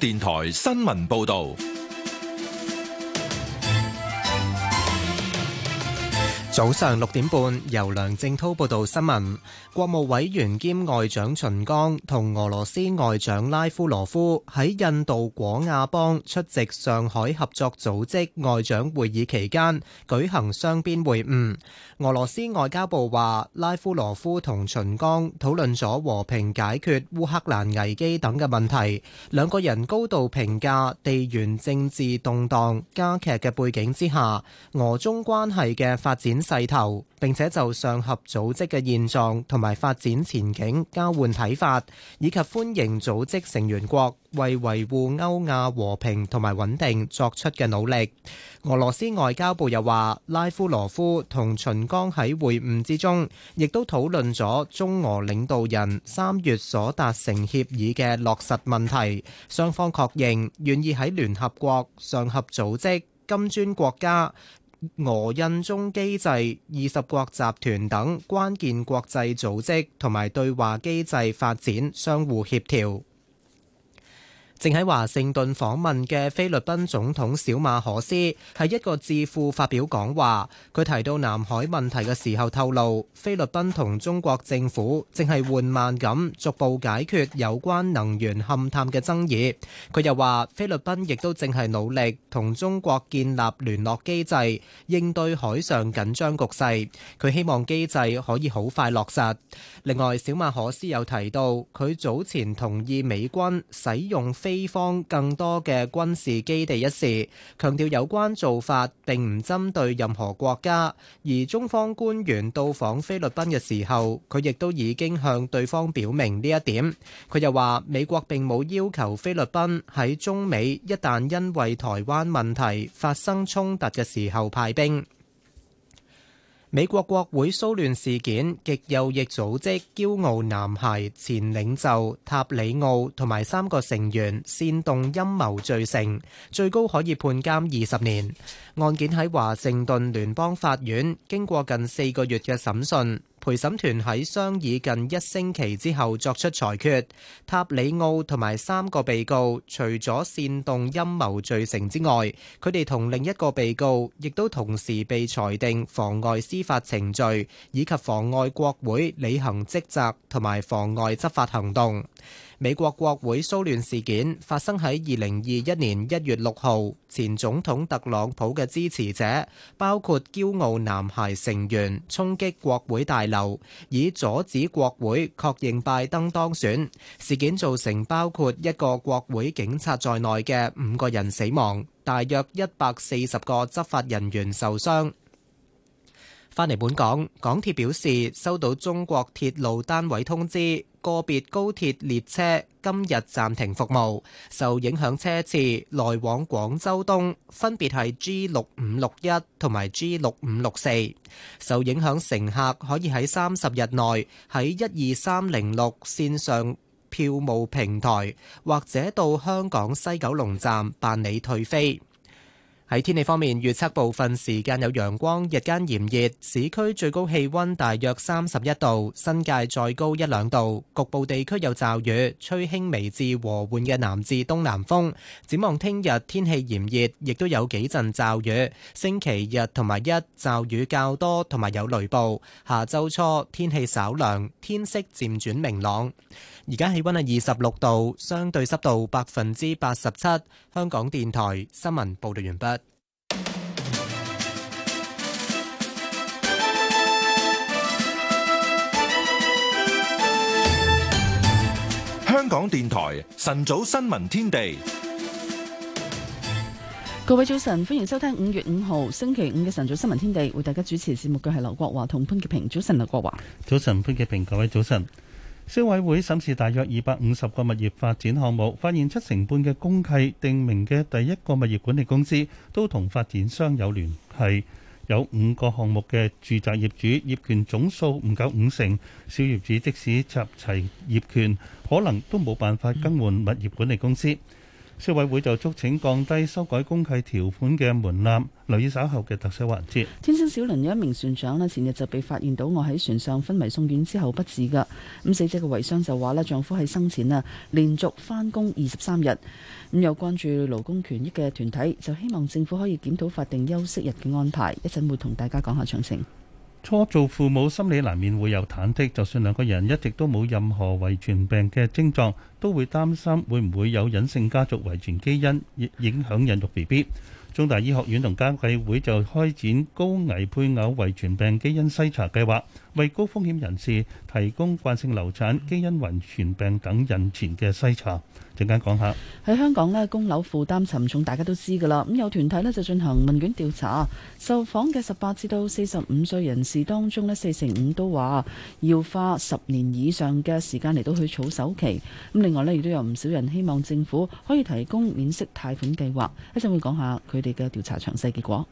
電台新聞報道。早上六點半，由梁正滔報道新聞。國務委員兼外長秦剛同俄羅斯外長拉夫羅夫喺印度果亞邦出席上海合作組織外長會議期間舉行雙邊會晤。俄羅斯外交部話，拉夫羅夫同秦剛討論咗和平解決烏克蘭危機等嘅問題。兩個人高度評價地緣政治動盪加劇嘅背景之下，俄中關係嘅發展勢頭，並且就上合組織嘅現狀同埋發展前景交換睇法，以及歡迎組織成員國為維護歐亞和平同埋穩定作出嘅努力。俄羅斯外交部又話，拉夫羅夫同秦剛喺會晤之中，亦都討論咗中俄領導人三月所達成協議嘅落實問題。雙方確認願意喺聯合國、上合組織、金磚國家。俄印中機制、二十國集團等關鍵國際組織同埋對話機制發展相互協調。正喺華盛頓訪問嘅菲律賓總統小馬可斯係一個智庫發表講話。佢提到南海問題嘅時候透露，菲律賓同中國政府正係緩慢咁逐步解決有關能源勘探嘅爭議。佢又話，菲律賓亦都正係努力同中國建立聯絡機制，應對海上緊張局勢。佢希望機制可以好快落實。另外，小馬可斯又提到，佢早前同意美軍使用飛西方更多嘅軍事基地一事，強調有關做法並唔針對任何國家。而中方官員到訪菲律賓嘅時候，佢亦都已經向對方表明呢一點，佢又話美國並冇要求菲律賓喺中美一旦因為台灣問題發生衝突嘅時候派兵。美國國會騷亂事件，極右翼組織「驕傲男孩」前領袖塔里奧同埋三個成員煽動陰謀罪成，最高可以判監二十年。案件喺華盛頓聯邦法院經過近四個月嘅審訊。陪審團喺商議近一星期之後作出裁決，塔里奧同埋三個被告，除咗煽動陰謀罪成之外，佢哋同另一個被告亦都同時被裁定妨礙司法程序，以及妨礙國會履行職責同埋妨礙執法行動。美國國會騷亂事件發生喺二零二一年一月六號，前總統特朗普嘅支持者，包括驕傲男孩成員，衝擊國會大樓，以阻止國會確認拜登當選。事件造成包括一個國會警察在內嘅五個人死亡，大約一百四十個執法人員受傷。返嚟本港，港鐵表示收到中國鐵路單位通知，個別高鐵列車今日暫停服務，受影響車次來往廣州東分別係 G 六五六一同埋 G 六五六四。受影響乘客可以喺三十日內喺一二三零六線上票務平台或者到香港西九龍站辦理退飛。喺天氣方面，預測部分時間有陽光，日間炎熱，市區最高氣溫大約三十一度，新界再高一兩度。局部地區有驟雨，吹輕微至和緩嘅南至東南風。展望聽日天，天氣炎熱，亦都有幾陣驟雨。星期日同埋一驟雨較多，同埋有雷暴。下周初天氣稍涼，天色漸轉明朗。而家氣溫係二十六度，相對濕度百分之八十七。香港電台新聞報道完畢。香港電台晨早新聞天地，各位早晨，歡迎收聽五月五號星期五嘅晨早新聞天地，為大家主持節目嘅係劉國華同潘潔平。早晨，劉國華，早晨，潘潔平，各位早晨。消委會審視大約二百五十個物業發展項目，發現七成半嘅公契定名嘅第一個物業管理公司都同發展商有聯繫，有五個項目嘅住宅業主業權總數唔夠五成，小業主即使集齊業權。可能都冇辦法更換物業管理公司。消、嗯、委會就促請降低修改公契條款嘅門檻，留意稍後嘅特色環節。天星小輪有一名船長呢，前日就被發現到我喺船上昏迷送院之後不治噶，咁死者嘅遺孀就話咧，丈夫喺生前啊連續翻工二十三日。咁有關注勞工權益嘅團體就希望政府可以檢討法定休息日嘅安排。一陣會同大家講下詳情。初做父母，心理難免會有忐忑。就算兩個人一直都冇任何遺傳病嘅症狀，都會擔心會唔會有隱性家族遺傳基因影響孕育 BB。中大醫學院同家計會就開展高危配偶遺傳病基因篩查計劃。為高風險人士提供慣性流產、基因遺傳病等孕前嘅篩查，陣間講下。喺香港呢，供樓負擔沉重，大家都知㗎喇。咁有團體呢，就進行問卷調查，受訪嘅十八至到四十五歲人士當中呢，四成五都話要花十年以上嘅時間嚟到去儲首期。咁另外呢，亦都有唔少人希望政府可以提供免息貸款計劃。一陣會講下佢哋嘅調查詳細結果。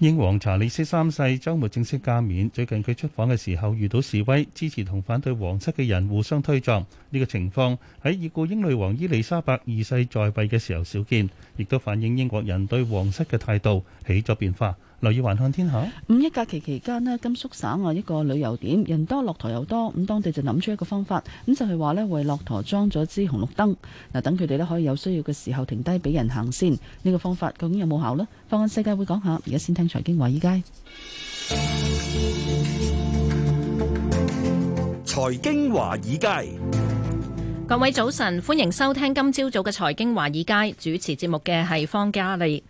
英皇查理斯三世週末正式加冕，最近佢出訪嘅時候遇到示威，支持同反對皇室嘅人互相推撞，呢、這個情況喺已故英女王伊麗莎白二世在位嘅時候少見，亦都反映英國人對皇室嘅態度起咗變化。留意環看天下五、嗯、一假期期間咧，甘肅省啊一個旅遊點人多駱駝又多，咁當地就諗出一個方法，咁就係話咧，為駱駝裝咗支紅綠燈嗱，等佢哋咧可以有需要嘅時候停低俾人行先。呢、這個方法究竟有冇效呢？放眼世界會講下，而家先聽財經華爾街。財經華爾街，各位早晨，歡迎收聽今朝早嘅財經華爾街，主持節目嘅係方嘉麗。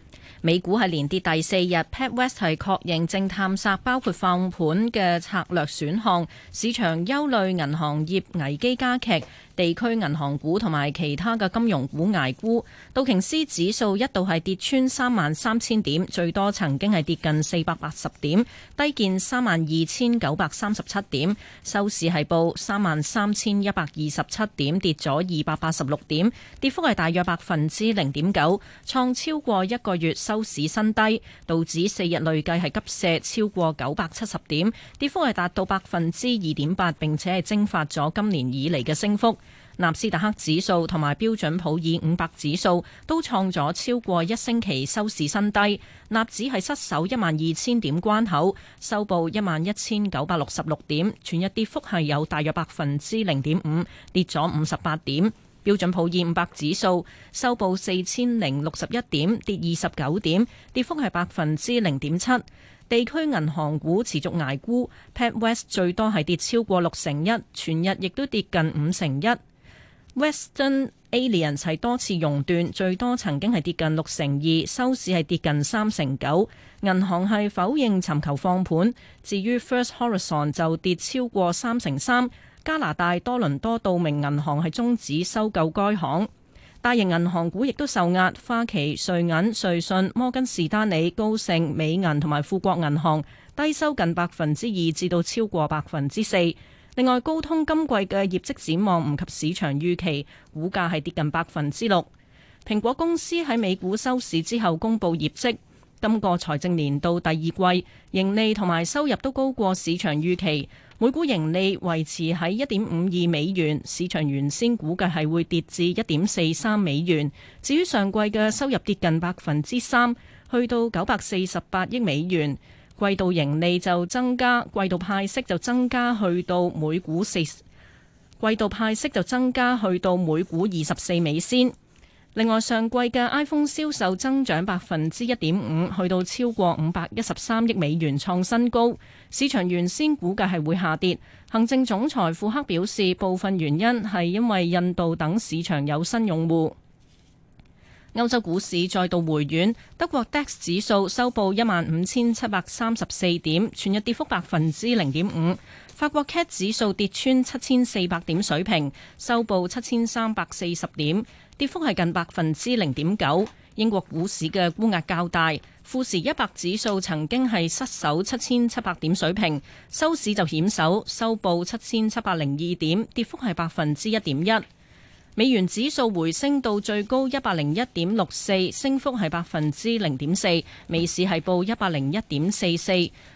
美股係連跌第四日，PacWest 係確認正探索包括放盤嘅策略選項，市場憂慮銀行業危機加劇。地區銀行股同埋其他嘅金融股捱沽，道瓊斯指數一度係跌穿三萬三千點，最多曾經係跌近四百八十點，低見三萬二千九百三十七點，收市係報三萬三千一百二十七點，跌咗二百八十六點，跌幅係大約百分之零點九，創超過一個月收市新低。道指四日累計係急瀉超過九百七十點，跌幅係達到百分之二點八，並且係蒸發咗今年以嚟嘅升幅。納斯達克指數同埋標準普爾五百指數都創咗超過一星期收市新低。納指係失守一萬二千點關口，收報一萬一千九百六十六點，全日跌幅係有大約百分之零點五，跌咗五十八點。標準普爾五百指數收報四千零六十一點，跌二十九點，跌幅係百分之零點七。地區銀行股持續捱沽，PacWest 最多係跌超過六成一，全日亦都跌近五成一。Western Alliance 係多次熔斷，最多曾經係跌近六成二，收市係跌近三成九。銀行係否認尋求放盤。至於 First Horizon 就跌超過三成三。加拿大多倫多道明銀行係終止收購該行。大型銀行股亦都受壓，花旗、瑞銀、瑞信、摩根士丹利、高盛、美銀同埋富國銀行低收近百分之二至到超過百分之四。另外，高通今季嘅業績展望唔及市場預期，股價係跌近百分之六。蘋果公司喺美股收市之後公布業績，今個財政年度第二季盈利同埋收入都高過市場預期，每股盈利維持喺一點五二美元，市場原先估計係會跌至一點四三美元。至於上季嘅收入跌近百分之三，去到九百四十八億美元。季度盈利就增加，季度派息就增加，去到每股四季度派息就增加，去到每股二十四美仙。另外，上季嘅 iPhone 銷售增長百分之一點五，去到超過五百一十三億美元，創新高。市場原先估計係會下跌。行政總裁庫克表示，部分原因係因為印度等市場有新用戶。歐洲股市再度回軟，德國 DAX 指數收報一萬五千七百三十四點，全日跌幅百分之零點五。法國 CAC 指數跌穿七千四百點水平，收報七千三百四十點，跌幅係近百分之零點九。英國股市嘅沽壓較大，富時一百指數曾經係失守七千七百點水平，收市就險守，收報七千七百零二點，跌幅係百分之一點一。美元指數回升到最高一百零一點六四，升幅係百分之零點四，美市係報一百零一點四四。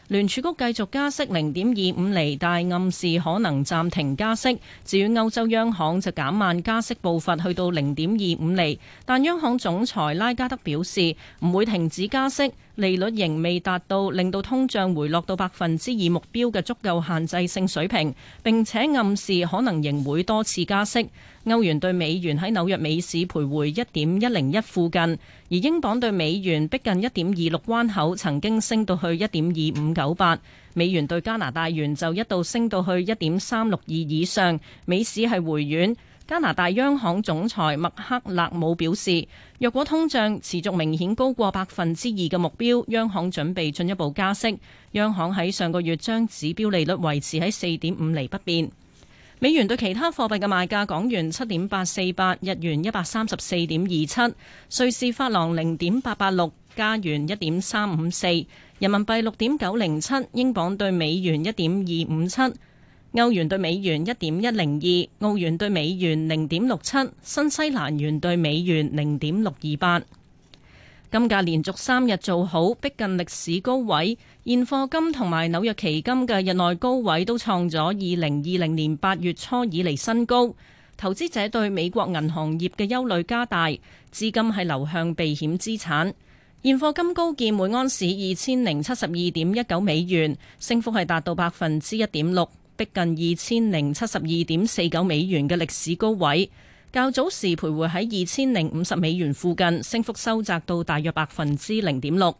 聯儲局繼續加息零點二五厘，但暗示可能暫停加息。至於歐洲央行就減慢加息步伐，去到零點二五厘，但央行總裁拉加德表示唔會停止加息。利率仍未達到令到通脹回落到百分之二目標嘅足夠限制性水平，並且暗示可能仍會多次加息。歐元兌美元喺紐約美市徘徊一點一零一附近，而英鎊兌美元逼近一點二六關口，曾經升到去一點二五九八。美元兌加拿大元就一度升到去一點三六二以上。美市係回軟。加拿大央行總裁麥克勒姆表示，若果通脹持續明顯高過百分之二嘅目標，央行準備進一步加息。央行喺上個月將指標利率維持喺四點五厘不變。美元兌其他貨幣嘅賣價：港元七點八四八，日元一百三十四點二七，瑞士法郎零點八八六，加元一點三五四，人民幣六點九零七，英鎊兌美元一點二五七。歐元對美元一點一零二，澳元對美元零點六七，新西蘭元對美元零點六二八。金價連續三日做好，逼近歷史高位。現貨金同埋紐約期金嘅日內高位都創咗二零二零年八月初以嚟，新高。投資者對美國銀行業嘅憂慮加大，資金係流向避險資產。現貨金高見每安士二千零七十二點一九美元，升幅係達到百分之一點六。逼近二千零七十二點四九美元嘅歷史高位，較早時徘徊喺二千零五十美元附近，升幅收窄到大約百分之零點六。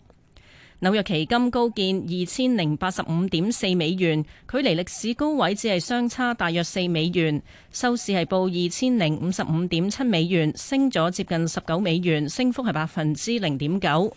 紐約期金高見二千零八十五點四美元，距離歷史高位只係相差大約四美元，收市係報二千零五十五點七美元，升咗接近十九美元，升幅係百分之零點九。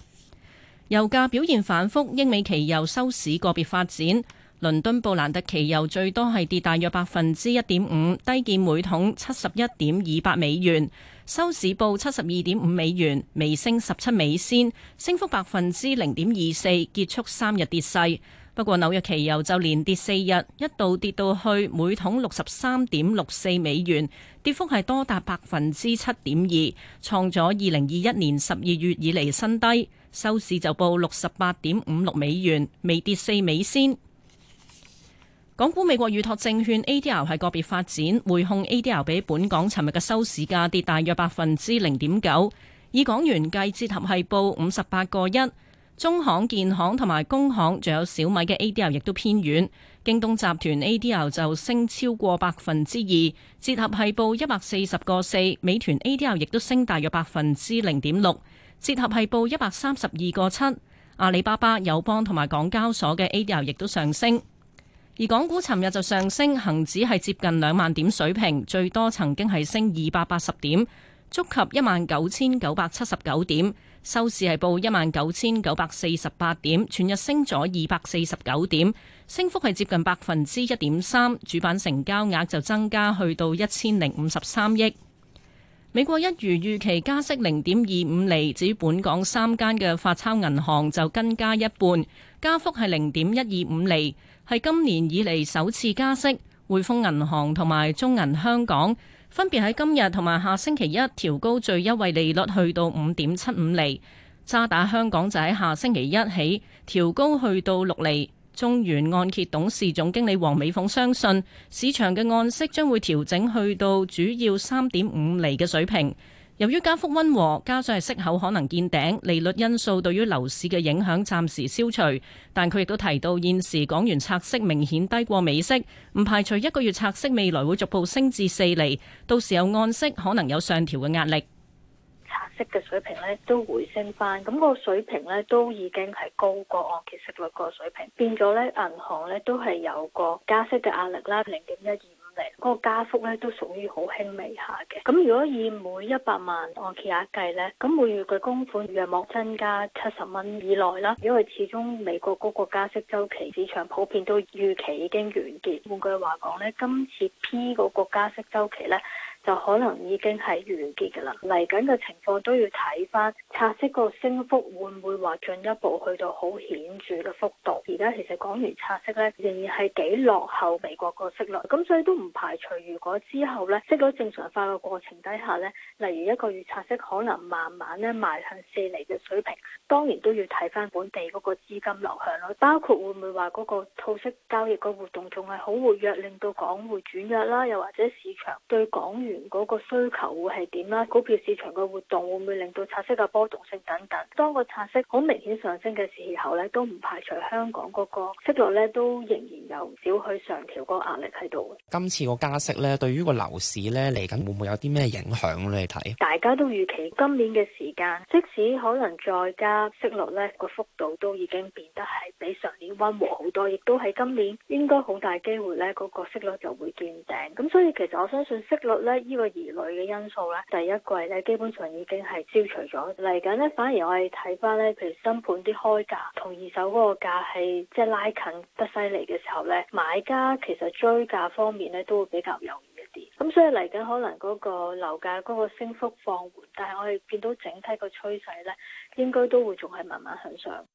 油價表現反覆，英美期油收市個別發展。倫敦布蘭特期油最多係跌大約百分之一點五，低見每桶七十一點二百美元，收市報七十二點五美元，微升十七美仙，升幅百分之零點二四，結束三日跌勢。不過紐約期油就連跌四日，一度跌到去每桶六十三點六四美元，跌幅係多達百分之七點二，創咗二零二一年十二月以嚟新低，收市就報六十八點五六美元，未跌四美仙。港股美國預託證券 ADR 係個別發展，匯控 ADR 比本港尋日嘅收市價跌大約百分之零點九，以港元計折合係報五十八個一。中行、建行同埋工行，仲有小米嘅 ADR 亦都偏軟。京東集團 ADR 就升超過百分之二，折合係報一百四十個四。美團 ADR 亦都升大約百分之零點六，折合係報一百三十二個七。阿里巴巴、友邦同埋港交所嘅 ADR 亦都上升。而港股尋日就上升，恒指係接近兩萬點水平，最多曾經係升二百八十點，觸及一萬九千九百七十九點，收市係報一萬九千九百四十八點，全日升咗二百四十九點，升幅係接近百分之一點三。主板成交額就增加去到一千零五十三億。美國一如預期加息零點二五厘，至於本港三間嘅發鈔銀行就跟加一半，加幅係零點一二五厘。係今年以嚟首次加息，匯豐銀行同埋中銀香港分別喺今日同埋下星期一調高最優惠利率去到五點七五厘。渣打香港就喺下星期一起調高去到六厘。中原按揭董事總經理黃美鳳相信市場嘅按息將會調整去到主要三點五厘嘅水平。由於加幅溫和，加上係息口可能見頂，利率因素對於樓市嘅影響暫時消除。但佢亦都提到，現時港元拆息明顯低過美息，唔排除一個月拆息未來會逐步升至四厘，到時候按息可能有上調嘅壓力。拆息嘅水平咧都回升翻，咁、那個水平咧都已經係高過按揭息率個水平，變咗咧銀行咧都係有個加息嘅壓力啦，零點一二。嗰個加幅咧都屬於好輕微下嘅，咁如果以每一百萬按揭額計咧，咁每月嘅供款約莫增加七十蚊以內啦，因為始終美國嗰個加息週期，市場普遍都預期已經完結。換句話講咧，今次 P 嗰個加息週期咧，就可能已經係完結㗎啦。嚟緊嘅情況都要睇翻拆息個升幅會唔會話進一步去到好顯著嘅幅度。而家其實港元拆息咧仍然係幾落後美國個息率，咁所以都唔排除如果之後咧息率正常化嘅過程底下咧，例如一個月拆息可能慢慢咧邁向四厘嘅水平，當然都要睇翻本地嗰個資金流向咯。包括會唔會話嗰個套息交易個活動仲係好活躍，令到港匯轉弱啦，又或者市場對港元。嗰個需求會係點啦？股票市場嘅活動會唔會令到拆息嘅波動性等等？當個拆息好明顯上升嘅時候咧，都唔排除香港嗰個息率咧都仍然有少許上調個壓力喺度。今次個加息咧，對於個樓市咧嚟緊會唔會有啲咩影響咧？睇大家都預期今年嘅時間，即使可能再加息率咧個幅度都已經變得係比上年溫和好多，亦都喺今年應該好大機會咧個個息率就會見頂。咁所以其實我相信息率咧。呢個疑慮嘅因素咧，第一季咧基本上已經係消除咗嚟緊咧，反而我哋睇翻咧，譬如新盤啲開價同二手嗰個價係即係拉近得犀利嘅時候咧，買家其實追價方面咧都會比較容易一啲。咁所以嚟緊可能嗰個樓價嗰個升幅放緩，但係我哋見到整體個趨勢咧，應該都會仲係慢慢向上。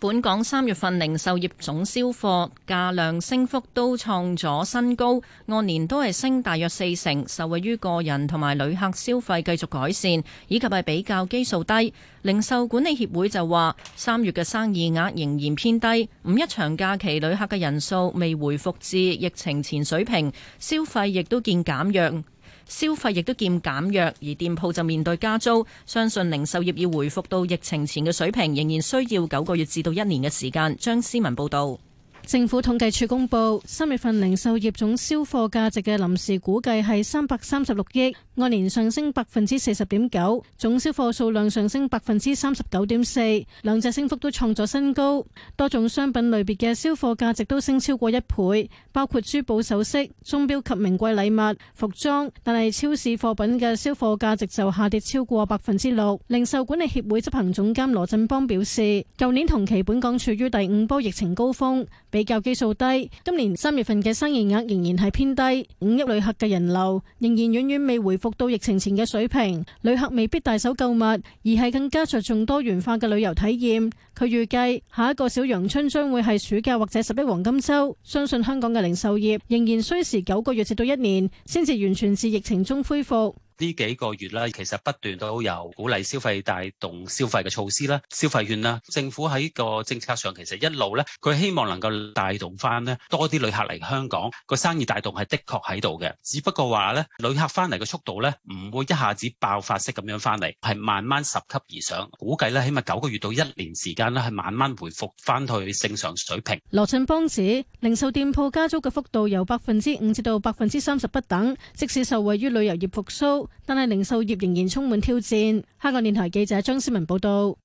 本港三月份零售業總銷貨價量升幅都創咗新高，按年都係升大約四成，受惠於個人同埋旅客消費繼續改善，以及係比較基數低。零售管理協會就話，三月嘅生意額仍然偏低，五一長假期旅客嘅人數未回復至疫情前水平，消費亦都見減弱。消費亦都見減弱，而店鋪就面對加租。相信零售業要回復到疫情前嘅水平，仍然需要九個月至到一年嘅時間。張思文報導。政府統計處公布三月份零售業總銷貨價值嘅臨時估計係三百三十六億，按年上升百分之四十點九，總銷貨數量上升百分之三十九點四，兩隻升幅都創咗新高。多種商品類別嘅銷貨價值都升超過一倍。包括珠寶首飾、鐘表及名貴禮物、服裝，但係超市貨品嘅銷貨價值就下跌超過百分之六。零售管理協會執行總監羅振邦表示，舊年同期本港處於第五波疫情高峰，比較基數低，今年三月份嘅生意額仍然係偏低。五一旅客嘅人流仍然遠遠未回復到疫情前嘅水平，旅客未必大手購物，而係更加着重多元化嘅旅遊體驗。佢預計下一個小陽春將會係暑假或者十一黃金周，相信香港嘅。零售業仍然需時九個月至到一年，先至完全自疫情中恢復。呢幾個月啦，其實不斷都有鼓勵消費、帶動消費嘅措施啦、消費券啦。政府喺個政策上其實一路呢，佢希望能夠帶動翻呢多啲旅客嚟香港，個生意帶動係的確喺度嘅。只不過話呢，旅客翻嚟嘅速度呢唔會一下子爆發式咁樣翻嚟，係慢慢拾級而上。估計呢，起碼九個月到一年時間呢，係慢慢回復翻去正常水平。羅振邦指零售店鋪加租嘅幅度由百分之五至到百分之三十不等，即使受惠於旅遊業復甦。但係零售業仍然充滿挑戰。香港電台記者張思文報道，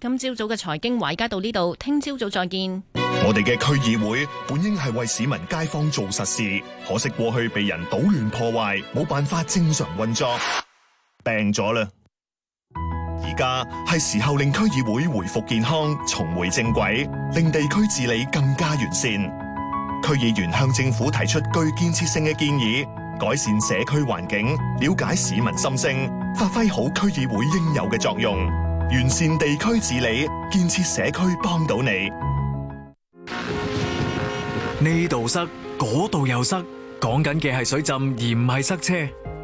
今朝早嘅財經，維嘉到呢度，聽朝早再見。我哋嘅區議會本應係為市民街坊做實事，可惜過去被人搗亂破壞，冇辦法正常運作，病咗了啦。而家係時候令區議會回復健康，重回正軌，令地區治理更加完善。區議員向政府提出具建設性嘅建議。改善社區環境，了解市民心聲，發揮好區議會應有嘅作用，完善地區治理，建設社區，幫到你。呢度塞，嗰度又塞，講緊嘅係水浸，而唔係塞車。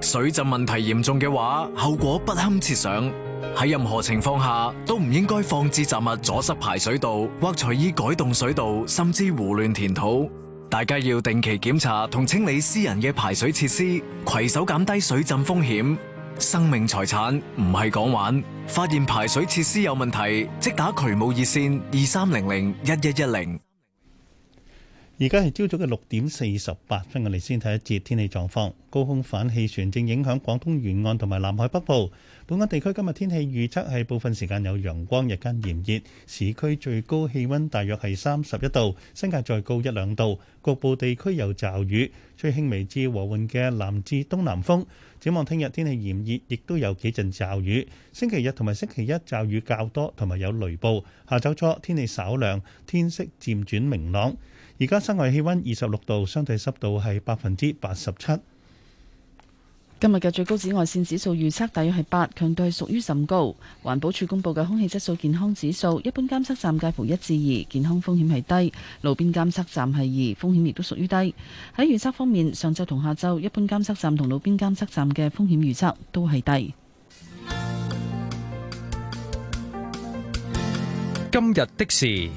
水浸問題嚴重嘅話，後果不堪設想。喺任何情況下，都唔應該放置雜物阻塞排水道，或隨意改動水道，甚至胡亂填土。大家要定期檢查同清理私人嘅排水設施，攜手減低水浸風險。生命財產唔係講玩，發現排水設施有問題，即打渠務熱線二三零零一一一零。而家係朝早嘅六點四十八分，我哋先睇一節天氣狀況。高空反氣旋正影響廣東沿岸同埋南海北部。本港地區今日天氣預測係部分時間有陽光，日間炎熱，市區最高氣温大約係三十一度，新界再高一兩度。局部地區有驟雨，吹輕微至和緩嘅南至東南風。展望聽日天氣炎熱，亦都有幾陣驟雨。星期日同埋星期一驟雨較多，同埋有雷暴。下晝初天氣稍涼，天色漸轉明朗。而家室外氣溫二十六度，相對濕度係百分之八十七。今日嘅最高紫外線指數預測大約係八，強度係屬於甚高。環保署公布嘅空氣質素健康指數，一般監測站介乎一至二，健康風險係低；路邊監測站係二，風險亦都屬於低。喺預測方面，上晝同下晝，一般監測站同路邊監測站嘅風險預測都係低。今日的事。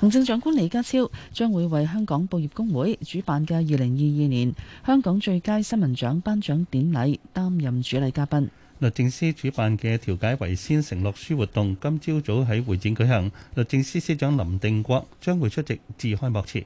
行政長官李家超將會為香港報業公會主辦嘅二零二二年香港最佳新聞獎頒獎典禮擔任主禮嘉賓。律政司主辦嘅調解為先承諾書活動今朝早喺會展舉行，律政司司，司長林定國將會出席自開幕前。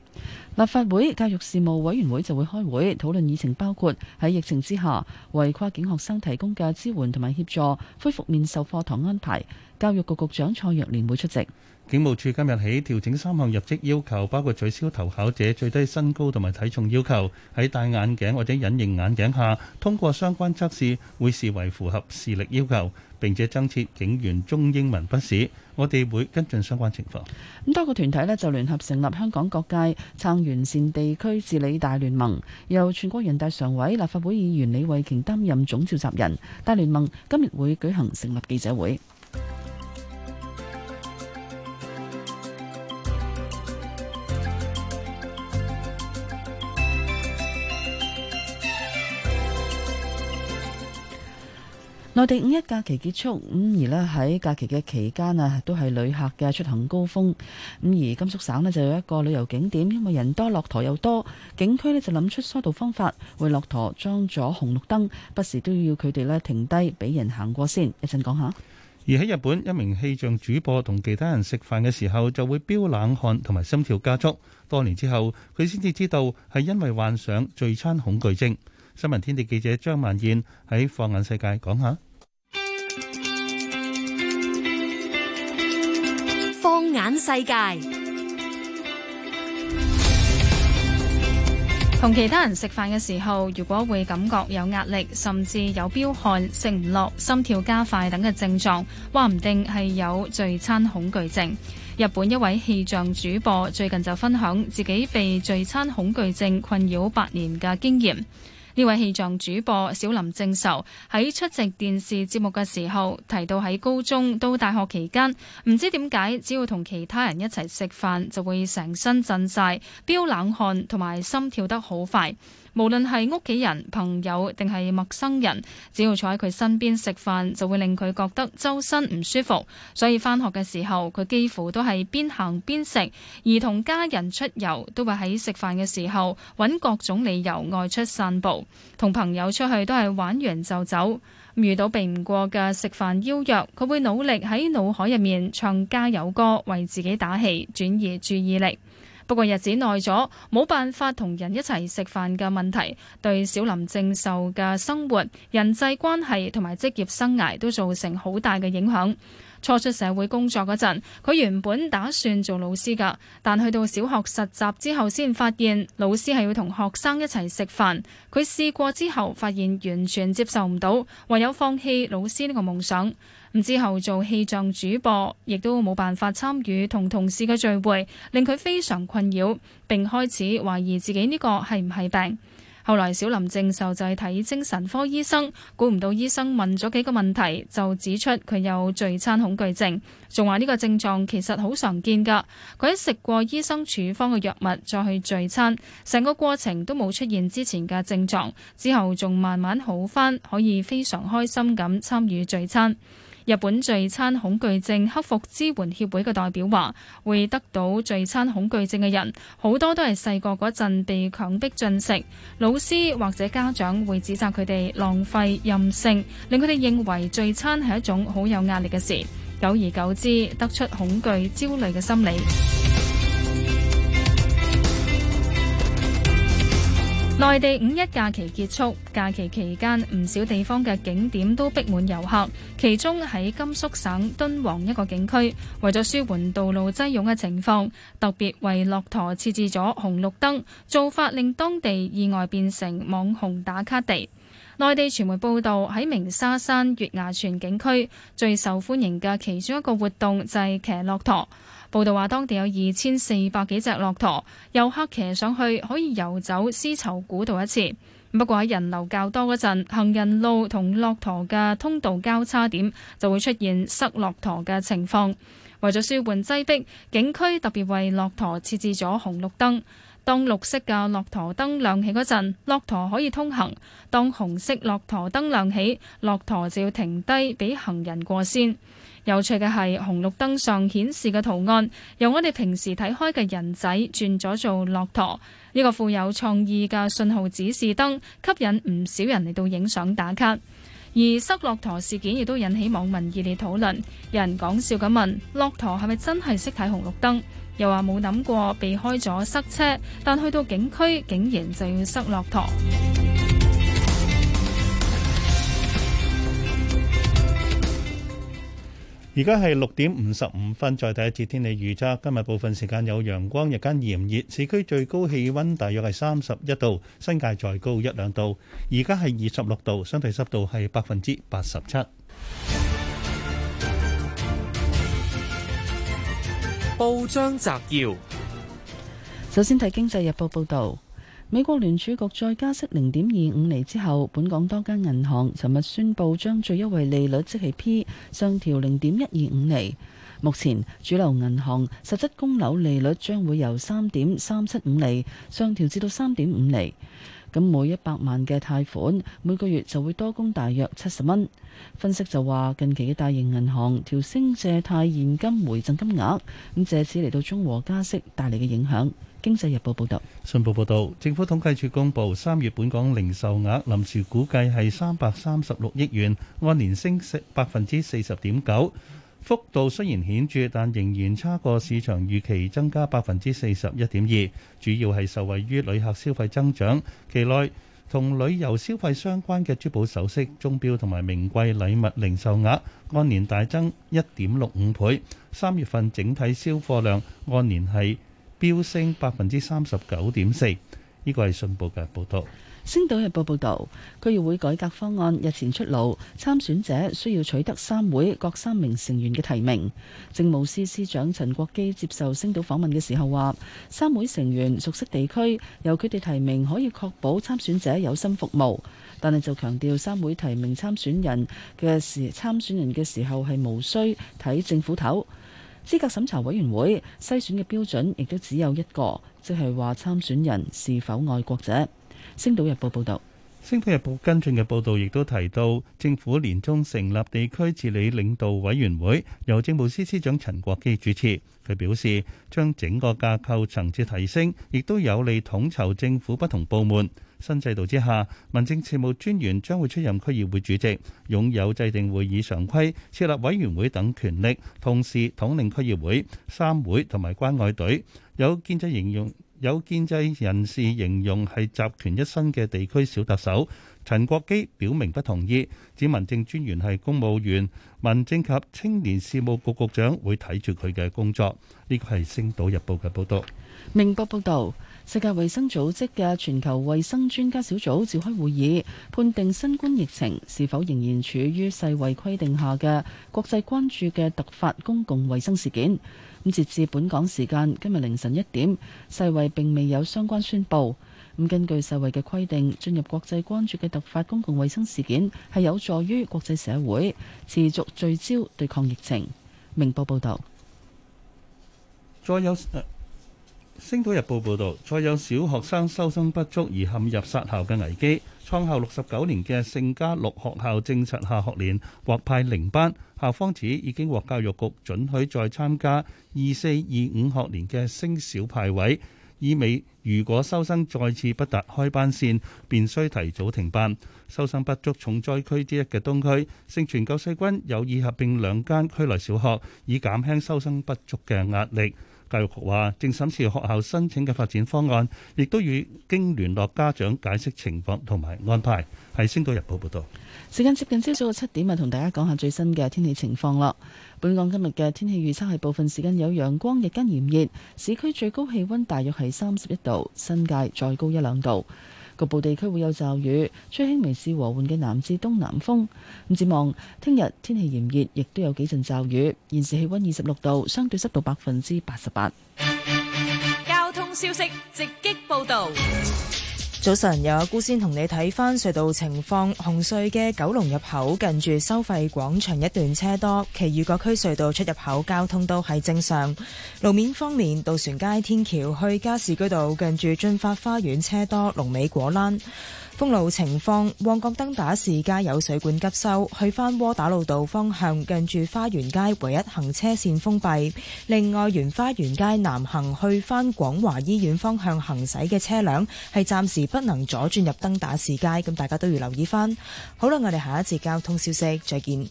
立法會教育事務委員會就會開會討論議程，包括喺疫情之下為跨境學生提供嘅支援同埋協助恢復面授課堂安排。教育局局長蔡若蓮會出席。警務處今日起調整三項入職要求，包括取消投考者最低身高同埋體重要求，喺戴眼鏡或者隱形眼鏡下通過相關測試會視為符合視力要求，並且增設警員中英文筆試。我哋會跟進相關情況。咁多個團體呢就聯合成立香港各界撐完善地區治理大聯盟，由全國人大常委、立法會議員李慧瓊擔任總召集人。大聯盟今日會舉行成立記者會。內地五一假期結束，咁而呢喺假期嘅期間啊，都係旅客嘅出行高峰。咁而甘肅省呢，就有一個旅遊景點，因為人多，駱駝又多，景區呢就諗出疏導方法，為駱駝裝咗紅綠燈，不時都要佢哋呢停低俾人行過先。一陣講下。而喺日本，一名氣象主播同其他人食飯嘅時候就會飆冷汗同埋心跳加速，多年之後佢先至知道係因為患上聚餐恐懼症。新聞天地記者張萬燕喺放眼世界講下，放眼世界，同其他人食飯嘅時候，如果會感覺有壓力，甚至有飆汗、食唔落、心跳加快等嘅症狀，話唔定係有聚餐恐懼症。日本一位氣象主播最近就分享自己被聚餐恐懼症困擾八年嘅經驗。呢位氣象主播小林正愁喺出席電視節目嘅時候提到，喺高中到大學期間，唔知點解只要同其他人一齊食飯，就會成身震晒、飆冷汗同埋心跳得好快。無論係屋企人、朋友定係陌生人，只要坐喺佢身邊食飯，就會令佢覺得周身唔舒服。所以返學嘅時候，佢幾乎都係邊行邊食；而同家人出遊，都會喺食飯嘅時候揾各種理由外出散步。同朋友出去都係玩完就走。遇到避唔過嘅食飯邀約，佢會努力喺腦海入面唱加油歌，為自己打氣，轉移注意力。不過日子耐咗，冇辦法同人一齊食飯嘅問題，對小林正秀嘅生活、人際關係同埋職業生涯都造成好大嘅影響。初出社會工作嗰陣，佢原本打算做老師㗎，但去到小學實習之後，先發現老師係要同學生一齊食飯。佢試過之後，發現完全接受唔到，唯有放棄老師呢個夢想。咁之後做氣象主播，亦都冇辦法參與同同事嘅聚會，令佢非常困擾，並開始懷疑自己呢個係唔係病。後來，小林正受就係睇精神科醫生，估唔到醫生問咗幾個問題，就指出佢有聚餐恐懼症，仲話呢個症狀其實好常見㗎。佢喺食過醫生處方嘅藥物再去聚餐，成個過程都冇出現之前嘅症狀，之後仲慢慢好返，可以非常開心咁參與聚餐。日本聚餐恐懼症克服支援協會嘅代表話，會得到聚餐恐懼症嘅人，好多都係細個嗰陣被強迫進食，老師或者家長會指責佢哋浪費任性，令佢哋認為聚餐係一種好有壓力嘅事，久而久之得出恐懼焦慮嘅心理。內地五一假期結束，假期期間唔少地方嘅景點都逼滿遊客。其中喺甘肅省敦煌一個景區，為咗舒緩道路擠擁嘅情況，特別為駱駝設置咗紅綠燈，做法令當地意外變成網紅打卡地。內地傳媒報道，喺鳴沙山月牙泉景區，最受歡迎嘅其中一個活動就係騎駱駝。報道話，當地有二千四百幾隻駱駝，遊客騎上去可以遊走絲綢古道一次。不過喺人流較多嗰陣，行人路同駱駝嘅通道交叉點就會出現塞駱駝嘅情況。為咗舒緩擠逼，景區特別為駱駝設置咗紅綠燈。當綠色嘅駱駝燈亮起嗰陣，駱駝可以通行；當紅色駱駝燈亮起，駱駝就要停低俾行人過先。有趣嘅係，紅綠燈上顯示嘅圖案由我哋平時睇開嘅人仔轉咗做駱駝，呢個富有創意嘅信號指示燈吸引唔少人嚟到影相打卡。而塞駱駝事件亦都引起網民熱烈討論，有人講笑咁問駱駝係咪真係識睇紅綠燈，又話冇諗過避開咗塞車，但去到景區竟然就要塞駱駝。而家係六點五十五分，再睇一次天氣預測。今日部分時間有陽光，日間炎熱，市區最高氣温大約係三十一度，新界再高一兩度。而家係二十六度，相對濕度係百分之八十七。報章摘要，首先睇《經濟日報》報導。美國聯儲局再加息0.25厘之後，本港多間銀行尋日宣佈將最優惠利率即係 P 上調0.125厘。目前主流銀行實質供樓利率將會由3.375厘上調至到3.5厘。咁每一百萬嘅貸款每個月就會多供大約七十蚊。分析就話近期嘅大型銀行調升借貸現金回贈金額，咁藉此嚟到中和加息帶嚟嘅影響。經濟日報報道，信報報道，政府統計處公布三月本港零售額臨時估計係三百三十六億元，按年升百分之四十點九，幅度雖然顯著，但仍然差過市場預期增加百分之四十一點二，主要係受惠於旅客消費增長。期內同旅遊消費相關嘅珠寶首飾、鐘錶同埋名貴禮物零售額按年大增一點六五倍，三月份整體銷貨量按年係。飆升百分之三十九點四，呢個係信報嘅報，報道。星島日報報導，區議會改革方案日前出爐，參選者需要取得三會各三名成員嘅提名。政務司司長陳國基接受星島訪問嘅時候話，三會成員熟悉地區，由佢哋提名可以確保參選者有心服務，但係就強調三會提名參選人嘅時，參選人嘅時候係無需睇政府頭。資格審查委員會篩選嘅標準亦都只有一個，即係話參選人是否愛國者。星島日報報道，星島日報跟進嘅報導亦都提到，政府年中成立地區治理領導委員會，由政務司司長陳國基主持。佢表示，將整個架構層次提升，亦都有利統籌政府不同部門。新制度之下，民政事務專員將會出任區議會主席，擁有制定會議常規、設立委員會等權力，同時統領區議會、三會同埋關愛隊。有建制形容有建制人士形容係集權一身嘅地區小特首。陳國基表明不同意，指民政專員係公務員，民政及青年事務局局局長會睇住佢嘅工作。呢個係《星島日報》嘅報道，明報報道。世界衛生組織嘅全球衛生專家小組召開會議，判定新冠疫情是否仍然處於世衛規定下嘅國際關注嘅突發公共衛生事件。咁截至本港時間今日凌晨一點，世衛並未有相關宣布。咁根據世衛嘅規定，進入國際關注嘅突發公共衛生事件係有助於國際社會持續聚焦對抗疫情。明報報道。《星島日報》報導，再有小學生收生不足而陷入殺校嘅危機。創校六十九年嘅聖嘉祿學校正式下學年獲派零班，校方指已經獲教育局准許再參加二四二五學年嘅升小派位。意味如果收生再次不達開班線，便需提早停班。收生不足重災區之一嘅東區，聖全救世軍有意合併兩間區內小學，以減輕收生不足嘅壓力。教育局話正審視學校申請嘅發展方案，亦都已經聯絡家長解釋情況同埋安排。喺《星島日報》報道。時間接近朝早嘅七點，咪同大家講下最新嘅天氣情況啦。本港今日嘅天氣預測係部分時間有陽光，日間炎熱，市區最高氣溫大約係三十一度，新界再高一兩度。局部地區會有驟雨，吹輕微至和緩嘅南至東南風。咁展望聽日天氣炎熱，亦都有幾陣驟雨。現時氣溫二十六度，相對濕度百分之八十八。交通消息直擊報導。早晨，有阿姑先同你睇翻隧道情況。紅隧嘅九龍入口近住收費廣場一段車多，其餘各區隧道出入口交通都係正常。路面方面，渡船街天橋去加士居道近住駿發花園車多，龍尾果欄。封路情況，旺角登打士街有水管急修，去翻窩打老道方向近住花園街唯一行車線封閉，另外沿花園街南行去翻廣華醫院方向行駛嘅車輛係暫時不能左轉入登打士街，咁大家都要留意翻。好啦，我哋下一節交通消息再見。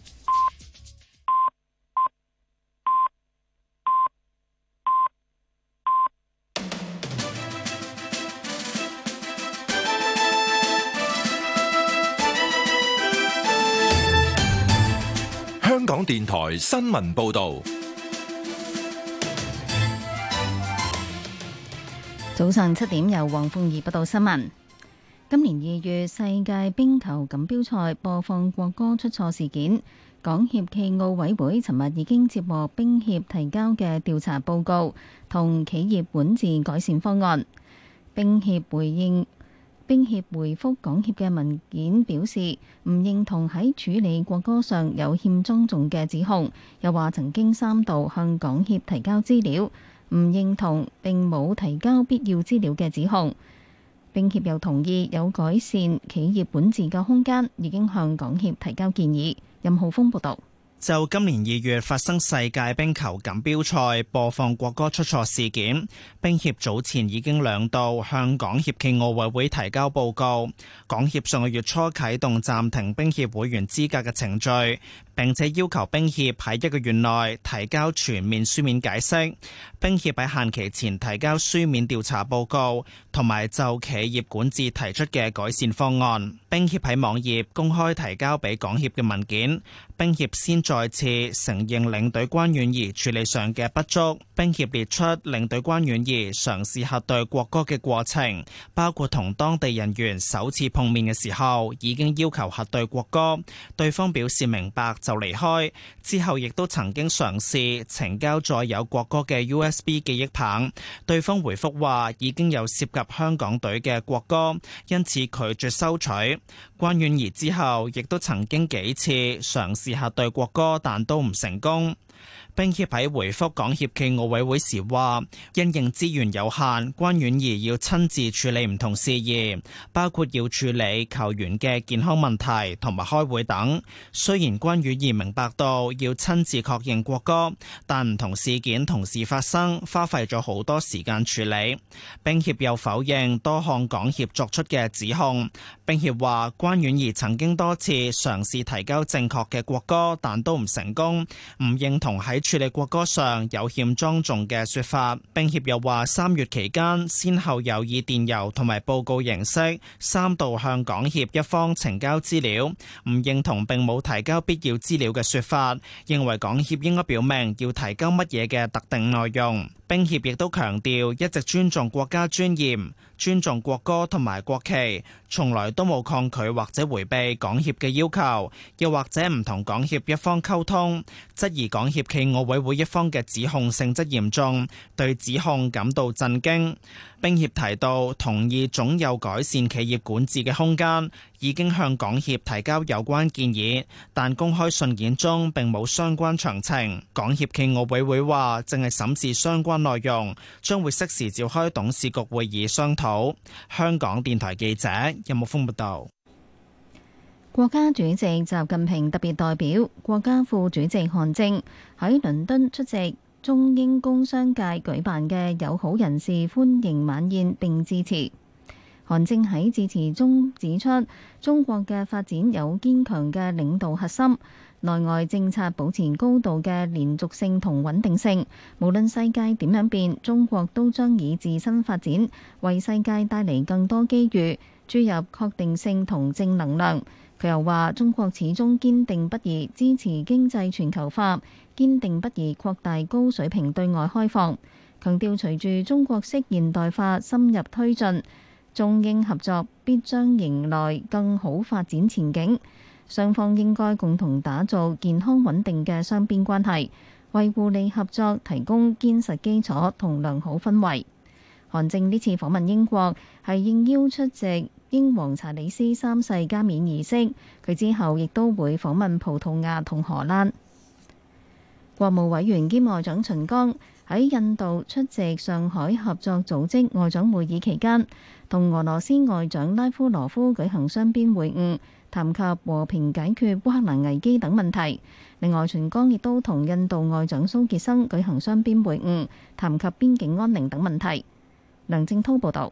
香港電台新聞報道，早上七點由黃鳳儀報道新聞。今年二月世界冰球錦標賽播放國歌出錯事件，港協暨奧委會尋日已經接獲冰協提交嘅調查報告同企業管治改善方案。冰協回應。冰協回覆港協嘅文件表示，唔認同喺處理國歌上有欠莊重嘅指控，又話曾經三度向港協提交資料，唔認同並冇提交必要資料嘅指控。冰協又同意有改善企業本質嘅空間，已經向港協提交建議。任浩峰報道。就今年二月發生世界冰球錦標賽播放國歌出錯事件，冰協早前已經兩度向港協暨奧委會提交報告，港協上個月初啟動暫停冰協會員資格嘅程序。並且要求冰協喺一個月內提交全面書面解釋，冰協喺限期前提交書面調查報告，同埋就企業管治提出嘅改善方案。冰協喺網頁公開提交俾港協嘅文件，冰協先再次承認領隊關婉儀處理上嘅不足。冰協列出領隊關婉儀嘗試核對國歌嘅過程，包括同當地人員首次碰面嘅時候已經要求核對國歌，對方表示明白。就離開，之後亦都曾經嘗試呈交載有國歌嘅 USB 記憶棒，對方回覆話已經有涉及香港隊嘅國歌，因此拒絕收取。關婉兒之後亦都曾經幾次嘗試核對國歌，但都唔成功。冰協喺回覆港協暨奧委會時話，因應資源有限，關婉儀要親自處理唔同事宜，包括要處理球員嘅健康問題同埋開會等。雖然關婉儀明白到要親自確認國歌，但唔同事件同時發生，花費咗好多時間處理。冰協又否認多項港協作出嘅指控。冰協話關婉儀曾經多次嘗試提交正確嘅國歌，但都唔成功，唔認同喺處理國歌上有欠莊重嘅説法。冰協又話三月期間，先後有以電郵同埋報告形式三度向港協一方呈交資料，唔認同並冇提交必要資料嘅説法，認為港協應該表明要提交乜嘢嘅特定內容。冰協亦都強調，一直尊重國家尊嚴、尊重國歌同埋國旗，從來都冇抗拒或者回避港協嘅要求，又或者唔同港協一方溝通，質疑港協暨奧委會一方嘅指控性質嚴重，對指控感到震驚。兵協提到同意總有改善企業管治嘅空間，已經向港協提交有關建議，但公開信件中並冇相關詳情。港協暨奧委會話正係審視相關內容，將會適時召開董事局會議商討。香港電台記者任木峰報道。有有國家主席習近平特別代表、國家副主席韓正喺倫敦出席中英工商界舉辦嘅友好人士歡迎晚宴並致辭。韓正喺致辭中指出，中國嘅發展有堅強嘅領導核心，內外政策保持高度嘅連續性同穩定性。無論世界點樣變，中國都將以自身發展，為世界帶嚟更多機遇，注入確定性同正能量。佢又話：中國始終堅定不移支持經濟全球化，堅定不移擴大高水平對外開放。強調隨住中國式現代化深入推進，中英合作必將迎來更好發展前景。雙方應該共同打造健康穩定嘅雙邊關係，為互利合作提供堅實基礎同良好氛圍。韓正呢次訪問英國，係應邀出席。英皇查理斯三世加冕儀式，佢之後亦都會訪問葡萄牙同荷蘭。國務委員兼外長秦剛喺印度出席上海合作組織外長會議期間，同俄羅斯外長拉夫羅夫舉行雙邊會晤，談及和平解決烏克蘭危機等問題，另外，秦剛亦都同印度外長蘇傑生舉行雙邊會晤，談及邊境安寧等問題，梁正濤報道。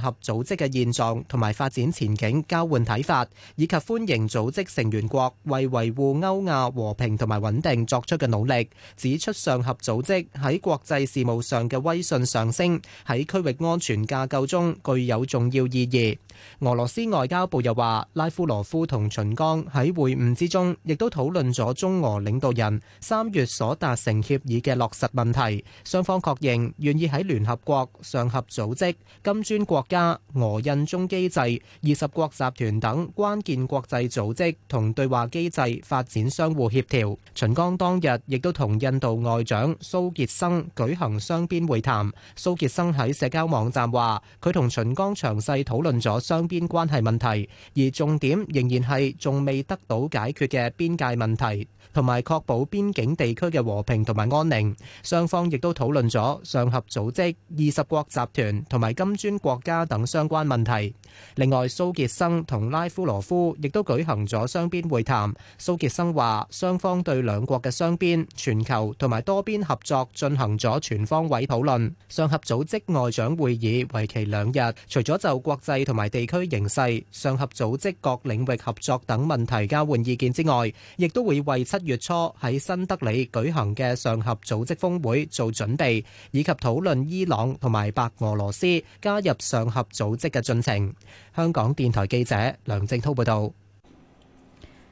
合組織嘅現狀同埋發展前景交換睇法，以及歡迎組織成員國為維護歐亞和平同埋穩定作出嘅努力，指出上合組織喺國際事務上嘅威信上升，喺區域安全架構中具有重要意義。俄羅斯外交部又話，拉夫羅夫同秦剛喺會晤之中，亦都討論咗中俄領導人三月所達成協議嘅落實問題，雙方確認願意喺聯合國、上合組織、金磚國、加俄印中機制、二十國集團等關鍵國際組織同對話機制發展相互協調。秦剛當日亦都同印度外長蘇杰生舉行雙邊會談。蘇杰生喺社交網站話：佢同秦剛詳細討論咗雙邊關係問題，而重點仍然係仲未得到解決嘅邊界問題，同埋確保邊境地區嘅和平同埋安寧。雙方亦都討論咗上合組織、二十國集團同埋金磚國家。等相關問題。另外，蘇傑生同拉夫羅夫亦都舉行咗雙邊會談。蘇傑生話，雙方對兩國嘅雙邊、全球同埋多邊合作進行咗全方位討論。上合組織外長會議為期兩日，除咗就國際同埋地區形勢、上合組織各領域合作等問題交換意見之外，亦都會為七月初喺新德里舉行嘅上合組織峰會做準備，以及討論伊朗同埋白俄羅斯加入上。合組織嘅進程。香港電台記者梁正滔報道，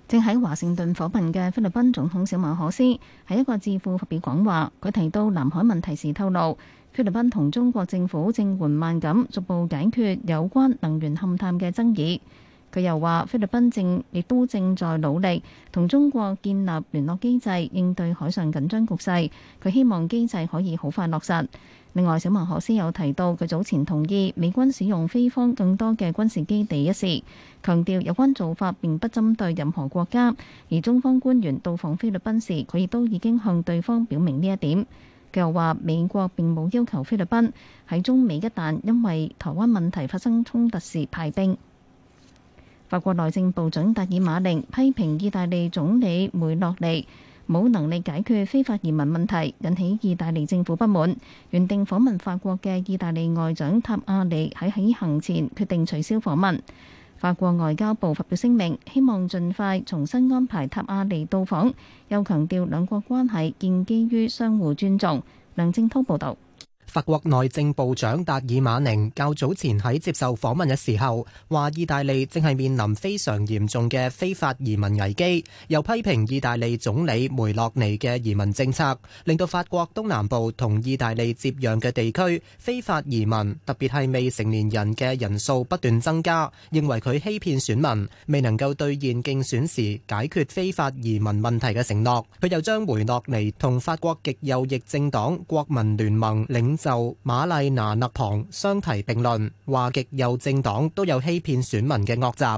正喺華盛頓訪問嘅菲律賓總統小馬可斯喺一個智庫發表講話。佢提到南海問題時透露，菲律賓同中國政府正緩慢咁逐步解決有關能源勘探嘅爭議。佢又話，菲律賓正亦都正在努力同中國建立聯絡機制，應對海上緊張局勢。佢希望機制可以好快落實。另外，小馬可斯有提到，佢早前同意美軍使用菲方更多嘅軍事基地一事，強調有關做法並不針對任何國家。而中方官員到訪菲律賓時，佢亦都已經向對方表明呢一點。佢又話，美國並冇要求菲律賓喺中美一旦因為台灣問題發生衝突時派兵。法國內政部長達爾馬寧批評意大利總理梅洛尼，冇能力解決非法移民問題，引起意大利政府不滿。原定訪問法國嘅意大利外長塔亞尼喺起行前決定取消訪問。法國外交部發表聲明，希望盡快重新安排塔亞尼到訪，又強調兩國關係建基於相互尊重。梁正滔報導。。法國內政部長達爾馬寧較早前喺接受訪問嘅時候，話意大利正係面臨非常嚴重嘅非法移民危機，又批評意大利總理梅洛尼嘅移民政策，令到法國東南部同意大利接壤嘅地區非法移民，特別係未成年人嘅人數不斷增加，認為佢欺騙選民，未能夠兌現競選時解決非法移民問題嘅承諾。佢又將梅洛尼同法國極右翼政黨國民聯盟領就瑪麗娜勒龐相提並論，話極右政黨都有欺騙選民嘅惡習。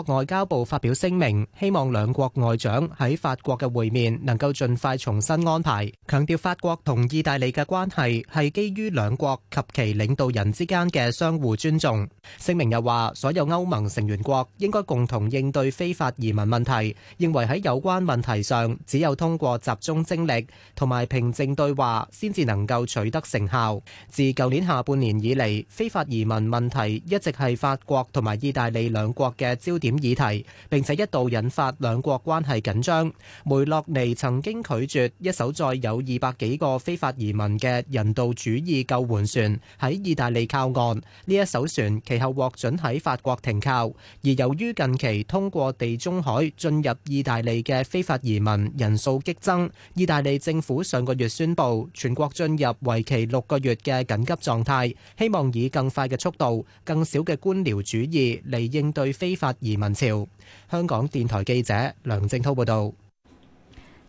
外交部發表聲明，希望兩國外長喺法國嘅會面能夠盡快重新安排，強調法國同意大利嘅關係係基於兩國及其領導人之間嘅相互尊重。聲明又話，所有歐盟成員國應該共同應對非法移民問題，認為喺有關問題上，只有通過集中精力同埋平靜對話，先至能夠取得成效。自舊年下半年以嚟，非法移民問題一直係法國同埋意大利兩國嘅焦點。議題，並且一度引發兩國關係緊張。梅洛尼曾經拒絕一艘載有二百幾個非法移民嘅人道主義救援船喺意大利靠岸。呢一艘船其後獲准喺法國停靠。而由於近期通過地中海進入意大利嘅非法移民人數激增，意大利政府上個月宣布全國進入為期六個月嘅緊急狀態，希望以更快嘅速度、更少嘅官僚主義嚟應對非法移民。民潮，香港電台記者梁正濤報道。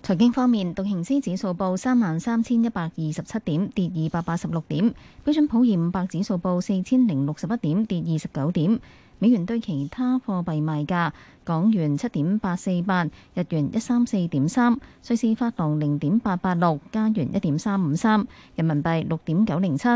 財經方面，道瓊斯指數報三萬三千一百二十七點，跌二百八十六點；標準普爾五百指數報四千零六十一點，跌二十九點。美元兌其他貨幣賣價：港元七點八四八，日元一三四點三，瑞士法郎零點八八六，加元一點三五三，人民幣六點九零七，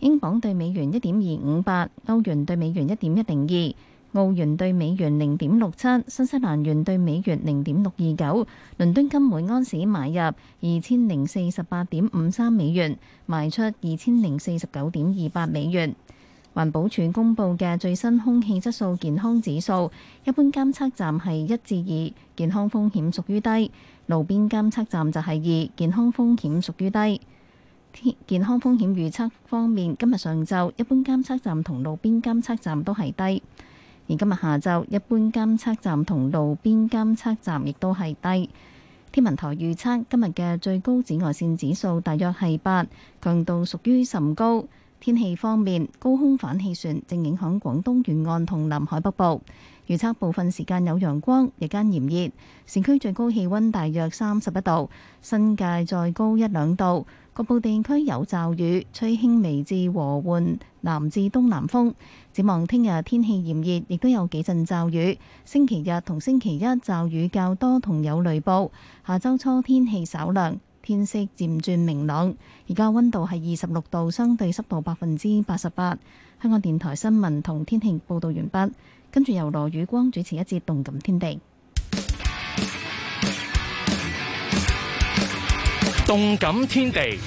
英鎊兌美元一點二五八，歐元兌美元一點一零二。澳元兌美元零點六七，新西蘭元兌美元零點六二九，倫敦金每安士買入二千零四十八點五三美元，賣出二千零四十九點二八美元。環保署公佈嘅最新空氣質素健康指數，一般監測站係一至二，健康風險屬於低；路邊監測站就係二，健康風險屬於低。健健康風險預測方面，今日上晝一般監測站同路邊監測站都係低。而今日下晝一般監測站同路邊監測站亦都係低。天文台預測今日嘅最高紫外線指數大約係八，強度屬於甚高。天氣方面，高空反氣旋正影響廣東沿岸同南海北部，預測部分時間有陽光，日間炎熱，城區最高氣溫大約三十一度，新界再高一兩度。局部地區有驟雨，吹輕微至和緩南至東南風。展望聽日天，天氣炎熱，亦都有幾陣驟雨。星期日同星期一驟雨較多同有雷暴。下周初天氣稍涼，天色漸轉明朗。而家溫度係二十六度，相對濕度百分之八十八。香港電台新聞同天氣報道完畢。跟住由羅宇光主持一節《動感天地》。動感天地，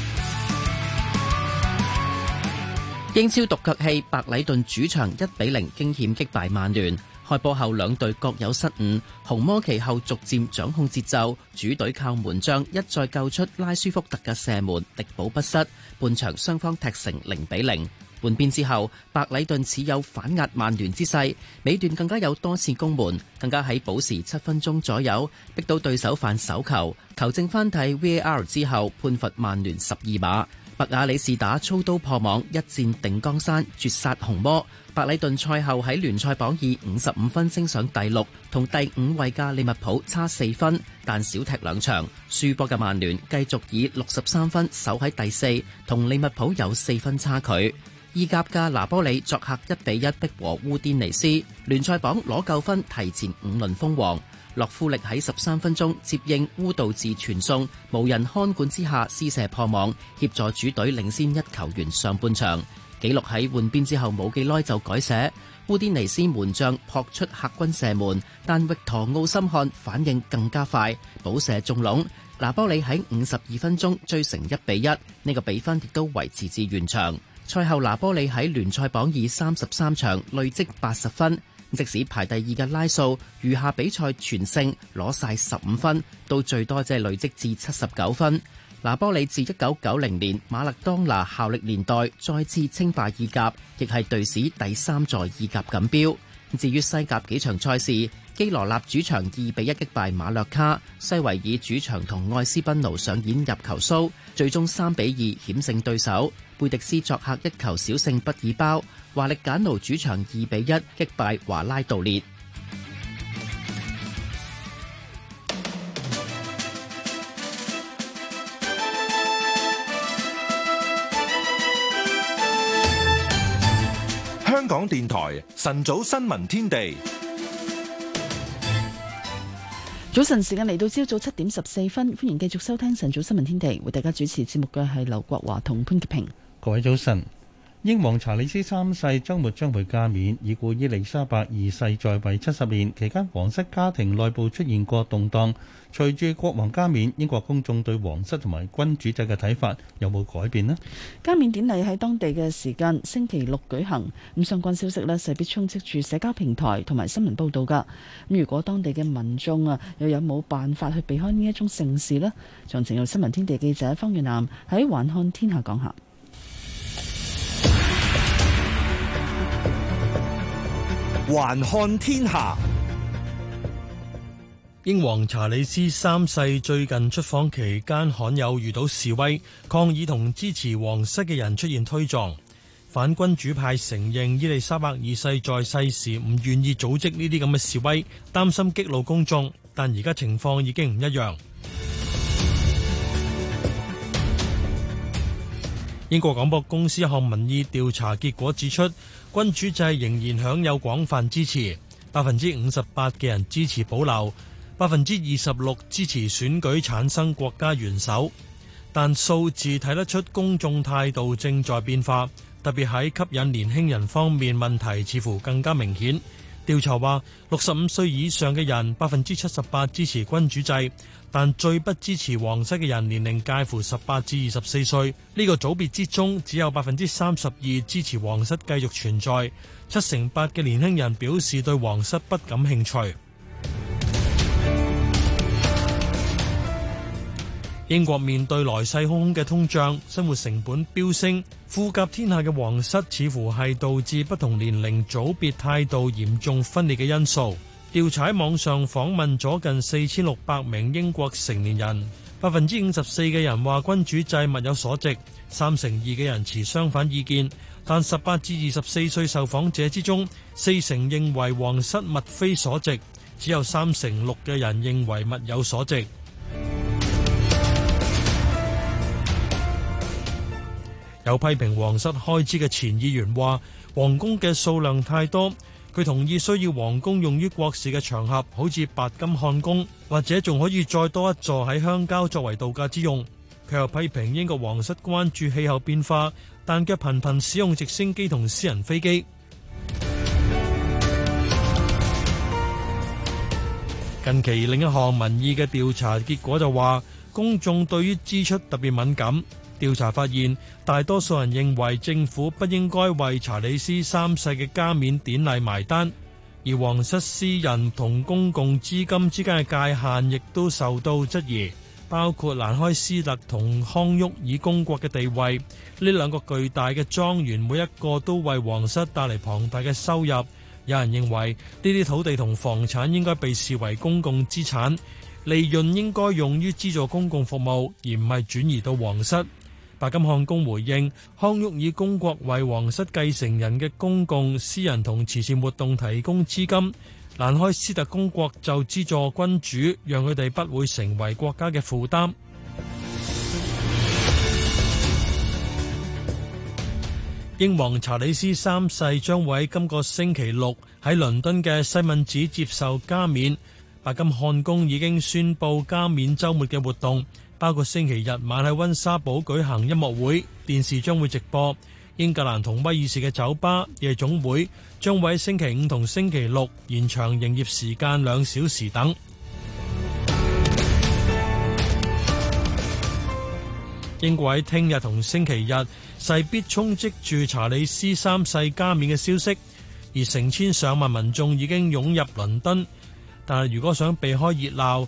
英超獨腳戲，白禮頓主場一比零驚險擊敗曼聯。開波後兩隊各有失誤，紅魔其後逐漸掌控節奏，主隊靠門將一再救出拉舒福特嘅射門，力保不失。半場雙方踢成零比零。換邊之後，白禮頓持有反壓曼聯之勢，尾段更加有多次攻門，更加喺補時七分鐘左右逼到對手犯手球，球證翻睇 V.A.R. 之後判罰曼聯十二碼。白雅里斯打操刀破網，一戰定江山，絕殺紅魔。白禮頓賽後喺聯賽榜以五十五分升上第六，同第五位嘅利物浦差四分，但少踢兩場輸波嘅曼聯繼續以六十三分守喺第四，同利物浦有四分差距。意甲嘅拿波里作客一比一逼和烏甸尼斯，聯賽榜攞夠分，提前五輪封王。洛夫力喺十三分鐘接應烏道治傳送，無人看管之下施射破網，協助主隊領先一球員上半場紀錄喺換邊之後冇幾耐就改寫。烏甸尼斯門將撲出客軍射門，但域陀奧森漢反應更加快，補射中籠。拿波里喺五十二分鐘追成一比一，呢個比分亦都維持至完場。賽後，拿波里喺聯賽榜以三十三場累積八十分，即使排第二嘅拉素餘下比賽全勝，攞晒十五分，到最多即係累積至七十九分。拿波里自一九九零年馬勒當拿效力年代再次稱霸意甲，亦係隊史第三座意甲錦標。至於西甲幾場賽事。基羅納主場二比一擊敗馬略卡，西維爾主場同愛斯賓奴上演入球騷，最終三比二險勝對手。貝迪斯作客一球小勝畢爾包，華力簡奴主場二比一擊敗華拉道列。香港電台晨早新聞天地。早晨時間嚟到，朝早七點十四分，歡迎繼續收聽晨早新聞天地。為大家主持節目嘅係劉國華同潘潔平。各位早晨。英皇查理斯三世週末將會加冕，已故伊麗莎白二世在位七十年期間，皇室家庭內部出現過動盪。隨住國王加冕，英國公眾對皇室同埋君主制嘅睇法有冇改變呢？加冕典禮喺當地嘅時間星期六舉行，咁相關消息呢，勢必充斥住社交平台同埋新聞報道㗎。咁如果當地嘅民眾啊又有冇辦法去避開呢一宗盛事呢？詳情由新聞天地記者方月南喺《環看天下》講下。環看天下，英皇查理斯三世最近出訪期間，罕有遇到示威抗議同支持皇室嘅人出現推撞。反君主派承認伊麗莎白二世在世時唔願意組織呢啲咁嘅示威，擔心激怒公眾，但而家情況已經唔一樣。英國廣播公司一項民意調查結果指出，君主制仍然享有廣泛支持，百分之五十八嘅人支持保留，百分之二十六支持選舉產生國家元首。但數字睇得出公眾態度正在變化，特別喺吸引年輕人方面，問題似乎更加明顯。調查話，六十五歲以上嘅人，百分之七十八支持君主制，但最不支持皇室嘅人年齡介乎十八至二十四歲，呢個組別之中只有百分之三十二支持皇室繼續存在，七成八嘅年輕人表示對皇室不感興趣。英國面對來勢洶洶嘅通脹，生活成本飆升，富甲天下嘅皇室似乎係導致不同年齡組別態度嚴重分裂嘅因素。調查喺網上訪問咗近四千六百名英國成年人，百分之五十四嘅人話君主制物有所值，三成二嘅人持相反意見。但十八至二十四歲受訪者之中，四成認為皇室物非所值，只有三成六嘅人認為物有所值。有批評皇室開支嘅前議員話，皇宮嘅數量太多。佢同意需要皇宮用於國事嘅場合，好似白金漢宮，或者仲可以再多一座喺鄉郊作為度假之用。佢又批評英國皇室關注氣候變化，但卻頻頻使用直升機同私人飛機。 近期另一項民意嘅調查結果就話，公眾對於支出特別敏感。調查發現，大多數人認為政府不應該為查理斯三世嘅加冕典禮埋單，而皇室私人同公共資金之間嘅界限亦都受到質疑，包括蘭開斯特同康沃爾公國嘅地位，呢兩個巨大嘅莊園，每一個都為皇室帶嚟龐大嘅收入。有人認為，呢啲土地同房產應該被視為公共資產，利潤應該用於資助公共服務，而唔係轉移到皇室。白金漢宮回應，康沃爾公國為皇室繼承人嘅公共、私人同慈善活動提供資金；蘭開斯特公國就資助君主，讓佢哋不會成為國家嘅負擔。 英皇查理斯三世將會喺今個星期六喺倫敦嘅西敏寺接受加冕。白金漢宮已經宣布加冕週末嘅活動。包括星期日晚喺溫莎堡舉行音樂會，電視將會直播；英格蘭同威爾士嘅酒吧夜總會將會喺星期五同星期六延長營業時間兩小時等。 英國喺聽日同星期日勢必充斥住查理斯三世加冕嘅消息，而成千上萬民眾已經湧入倫敦，但係如果想避開熱鬧。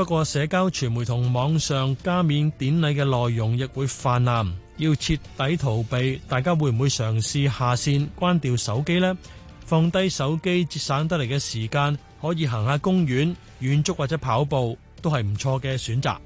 不過社交傳媒同網上加冕典禮嘅內容亦會泛濫，要徹底逃避，大家會唔會嘗試下線、關掉手機呢？放低手機節省得嚟嘅時間，可以行下公園、遠足或者跑步，都係唔錯嘅選擇。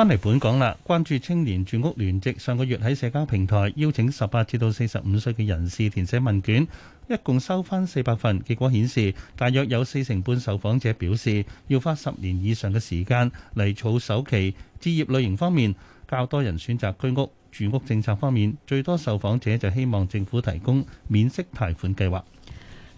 翻嚟本港啦，關注青年住屋聯席上個月喺社交平台邀請十八至到四十五歲嘅人士填寫問卷，一共收翻四百份。結果顯示，大約有四成半受訪者表示要花十年以上嘅時間嚟儲首期。置業類型方面，較多人選擇居屋。住屋政策方面，最多受訪者就希望政府提供免息貸款計劃。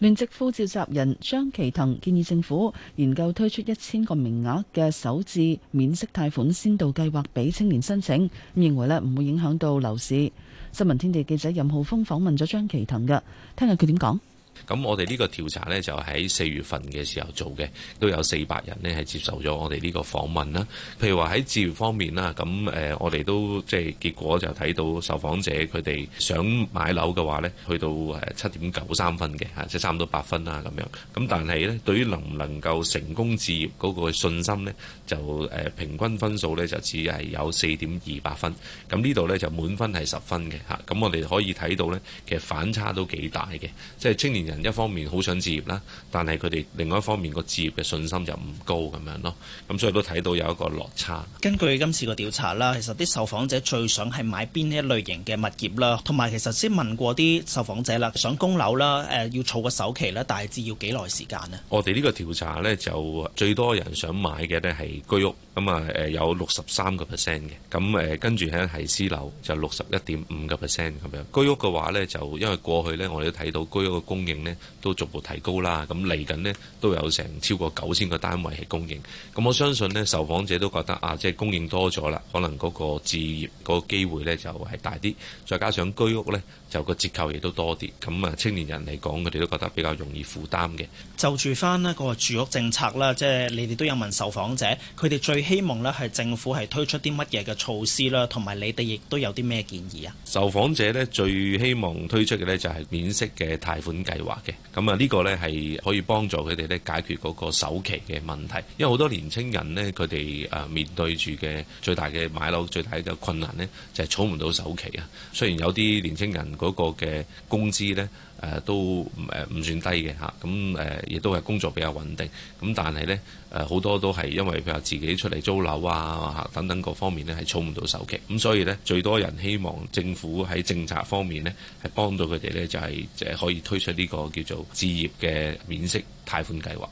聯席副召集人張其騰建議政府研究推出一千個名額嘅首置免息貸款先導計劃俾青年申請，咁認為咧唔會影響到樓市。新聞天地記者任浩峰訪問咗張其騰嘅，聽下佢點講。咁我哋呢個調查呢，就喺四月份嘅時候做嘅，都有四百人呢係接受咗我哋呢個訪問啦。譬如話喺置業方面啦，咁誒、呃、我哋都即係結果就睇到受訪者佢哋想買樓嘅話呢，去到誒七點九三分嘅，嚇即係差唔多八分啦。咁樣。咁但係呢，對於能唔能夠成功置業嗰個信心呢，就誒、呃、平均分數呢，就只係有四點二八分。咁呢度呢，就滿分係十分嘅嚇。咁我哋可以睇到呢，其實反差都幾大嘅，即係青年人。一方面好想置業啦，但係佢哋另外一方面個置業嘅信心就唔高咁樣咯，咁所以都睇到有一個落差。根據今次個調查啦，其實啲受訪者最想係買邊一類型嘅物業啦，同埋其實先問過啲受訪者啦，想供樓啦，誒、呃、要儲個首期啦，大致要幾耐時間咧？我哋呢個調查咧，就最多人想買嘅咧，係居屋。咁啊，誒、嗯、有六十三個 percent 嘅，咁誒、嗯嗯、跟住咧係私樓就六十一點五個 percent 咁樣，居屋嘅話咧就因為過去咧我哋都睇到居屋嘅供應咧都逐步提高啦，咁嚟緊呢，都有成超過九千個單位係供應，咁、嗯、我相信呢，受訪者都覺得啊，即係供應多咗啦，可能嗰個置業、嗰個機會咧就係、是、大啲，再加上居屋咧。就個折扣亦都多啲，咁、嗯、啊，青年人嚟講，佢哋都覺得比較容易負擔嘅。就住翻呢個住屋政策啦，即係你哋都有問受訪者，佢哋最希望呢係政府係推出啲乜嘢嘅措施啦，同埋你哋亦都有啲咩建議啊？受訪者呢，最希望推出嘅呢就係免息嘅貸款計劃嘅，咁啊呢個呢係可以幫助佢哋呢解決嗰個首期嘅問題，因為好多年青人呢，佢哋誒面對住嘅最大嘅買樓最大嘅困難呢，就係儲唔到首期啊。雖然有啲年青人。嗰個嘅工資呢誒、呃、都唔算低嘅嚇，咁誒亦都係工作比較穩定，咁但係呢，誒、呃、好多都係因為佢話自己出嚟租樓啊等等各方面呢係儲唔到首期。咁所以呢，最多人希望政府喺政策方面呢係幫到佢哋呢，就係即係可以推出呢個叫做置業嘅免息貸款計劃。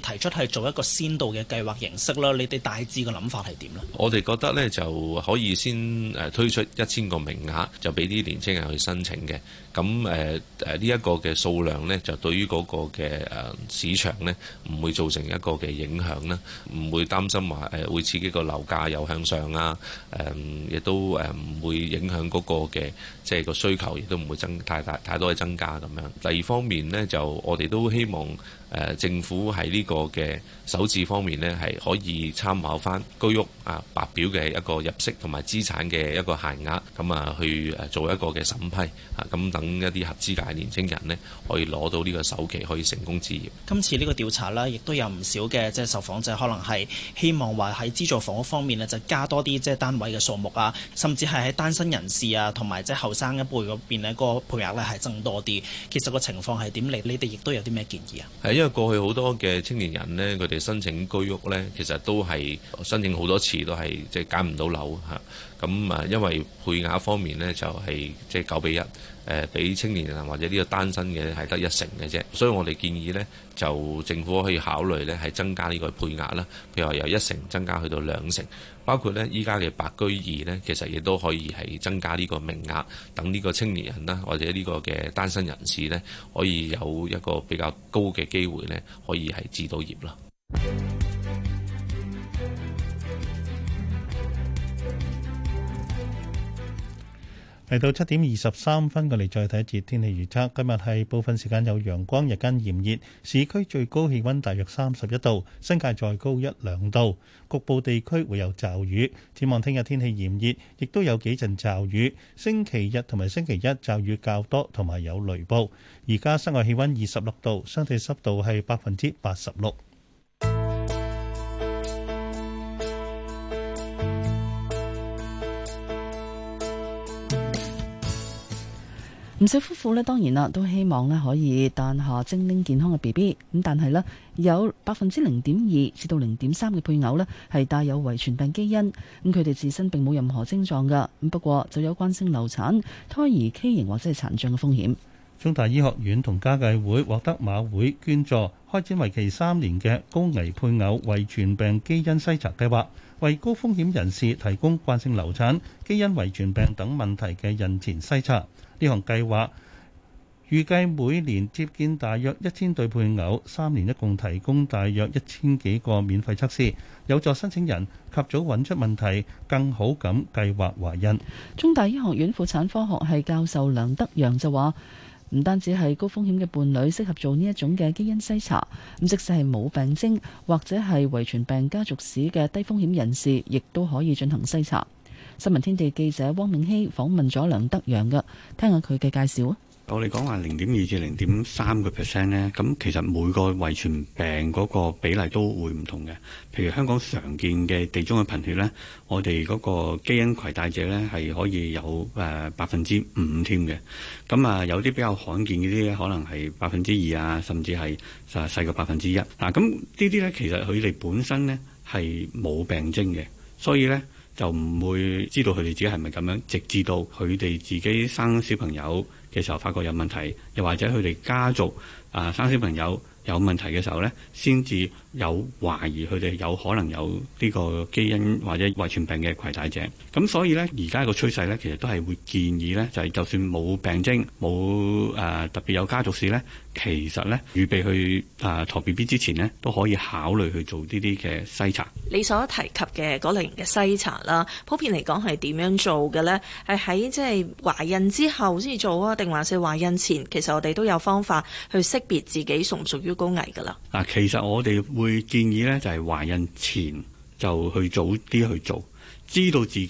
提出係做一個先導嘅計劃形式啦，你哋大致嘅諗法係點呢？我哋覺得呢，就可以先誒推出一千個名額，就俾啲年青人去申請嘅。咁誒誒呢一個嘅數量呢，就對於嗰個嘅誒市場呢，唔會造成一個嘅影響啦，唔會擔心話誒、呃、會刺激個樓價又向上啊。誒、呃、亦都誒唔、呃、會影響嗰個嘅。即係個需求亦都唔會增太大太多嘅增加咁樣第二方面咧，就我哋都希望誒、呃、政府喺呢個嘅首次方面咧，係可以參考翻居屋啊白表嘅一個入息同埋資產嘅一個限額咁啊去誒做一個嘅審批啊，咁等一啲合資格嘅年青人咧可以攞到呢個首期，可以成功置業今次個呢個調查啦，亦都有唔少嘅即係受訪者可能係希望話喺資助房屋方面咧，就加多啲即係單位嘅數目啊，甚至係喺單身人士啊同埋即係。後生一輩嗰邊呢個配額呢係增多啲，其實個情況係點嚟？你哋亦都有啲咩建議啊？係因為過去好多嘅青年人呢，佢哋申請居屋呢，其實都係申請好多次都係即係揀唔到樓嚇。咁啊，因為配額方面呢，就係即係九比一，誒，俾青年人或者呢個單身嘅係得一成嘅啫。所以我哋建議呢，就政府可以考慮呢係增加呢個配額啦，譬如話由一成增加去到兩成。包括呢，依家嘅白居二呢，其實亦都可以係增加呢個名額，等呢個青年人啦，或者呢個嘅單身人士呢，可以有一個比較高嘅機會呢，可以係置到業啦。嚟到七點二十三分，我哋再睇一節天氣預測。今日係部分時間有陽光，日間炎熱，市區最高氣溫大約三十一度，新界再高一兩度，局部地區會有驟雨。展望聽日天氣炎熱，亦都有幾陣驟雨。星期日同埋星期一驟雨較多，同埋有雷暴。而家室外氣溫二十六度，相對濕度係百分之八十六。唔少夫婦咧，當然啦，都希望咧可以誕下精靈健康嘅 BB。咁但係咧，有百分之零點二至到零點三嘅配偶咧係帶有遺傳病基因，咁佢哋自身並冇任何症狀㗎。咁不過就有慣性流產、胎兒畸形或者係殘障嘅風險。中大醫學院同家計會獲得馬會捐助，開展為期三年嘅高危配偶遺傳病基因篩查計劃，為高風險人士提供慣性流產、基因遺傳病等問題嘅孕前篩查。呢項計劃預計每年接見大約一千對配偶，三年一共提供大約一千幾個免費測試，有助申請人及早揾出問題，更好咁計劃懷孕。中大醫學院婦產科學系教授梁德揚就話：唔單止係高風險嘅伴侶適合做呢一種嘅基因篩查，咁即使係冇病徵或者係遺傳病家族史嘅低風險人士，亦都可以進行篩查。新聞天地記者汪永熙訪問咗梁德陽嘅，聽下佢嘅介紹啊。我哋講話零點二至零點三個 percent 咧，咁其實每個遺傳病嗰個比例都會唔同嘅。譬如香港常見嘅地中海貧血咧，我哋嗰個基因攜帶者咧係可以有誒百分之五添嘅。咁啊，有啲比較罕見嗰啲咧，可能係百分之二啊，甚至係誒細過百分之一。嗱，咁呢啲咧，其實佢哋本身咧係冇病徵嘅，所以咧。就唔會知道佢哋自己係咪噉樣，直至到佢哋自己生小朋友嘅時候，發覺有問題，又或者佢哋家族啊生小朋友有問題嘅時候呢，先至，有懷疑佢哋有可能有呢個基因或者遺傳病嘅攜帶者，咁所以呢，而家個趨勢呢，其實都係會建議呢，就係、是、就算冇病徵、冇誒、呃、特別有家族史呢，其實呢，預備去啊，坐 B B 之前呢，都可以考慮去做呢啲嘅篩查。你所提及嘅嗰類型嘅篩查啦，普遍嚟講係點樣做嘅呢？係喺即係懷孕之後先至做啊，定還是懷孕前？其實我哋都有方法去識別自己屬唔屬於高危㗎啦。嗱，其實我哋會建議咧，就係懷孕前就去早啲去做，知道自己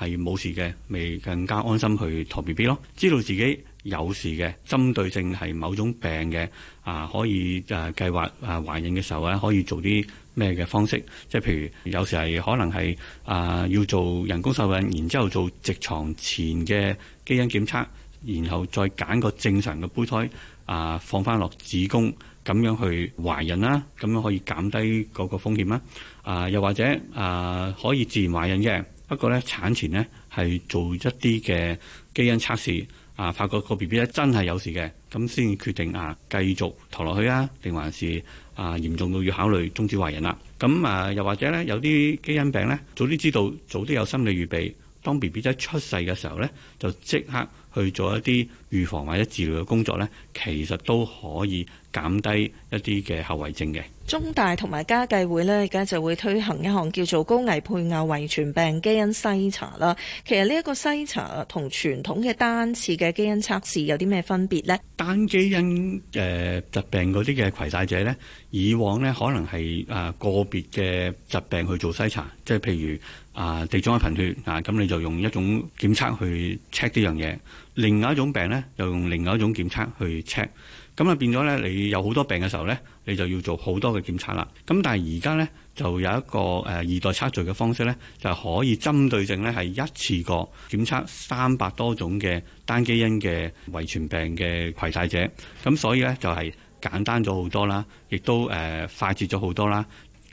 係冇事嘅，咪更加安心去陀 BB 咯。知道自己有事嘅，針對性係某種病嘅啊，可以誒計劃誒懷孕嘅時候咧，可以做啲咩嘅方式？即係譬如有時係可能係啊要做人工受孕，然之後做著床前嘅基因檢測，然後再揀個正常嘅胚胎啊放翻落子宮。咁樣去懷孕啦，咁樣可以減低嗰個風險啦。啊、呃，又或者啊、呃，可以自然懷孕嘅，不過咧產前咧係做一啲嘅基因測試，啊，發覺個 B B 咧真係有事嘅，咁先決定啊繼續陀落去啊，定還是啊嚴重到要考慮終止懷孕啦。咁啊，又或者咧有啲基因病咧，早啲知道，早啲有心理預備。當 B B 仔出世嘅時候咧，就即刻去做一啲預防或者治療嘅工作咧，其實都可以減低一啲嘅後遺症嘅。中大同埋家計會咧，而家就會推行一項叫做高危配偶遺傳病基因篩查啦。其實呢一個篩查同傳統嘅單次嘅基因測試有啲咩分別呢？單基因誒疾病嗰啲嘅攜帶者咧，以往咧可能係誒個別嘅疾病去做篩查，即係譬如。啊，地中海貧血啊，咁你就用一種檢測去 check 呢樣嘢，另外一種病呢，又用另外一種檢測去 check。咁啊變咗呢，你有好多病嘅時候呢，你就要做好多嘅檢測啦。咁但係而家呢，就有一個誒、呃、二代測序嘅方式呢，就係、可以針對性呢係一次過檢測三百多種嘅單基因嘅遺傳病嘅攜帶者。咁所以呢，就係、是、簡單咗好多啦，亦都誒、呃、快捷咗好多啦。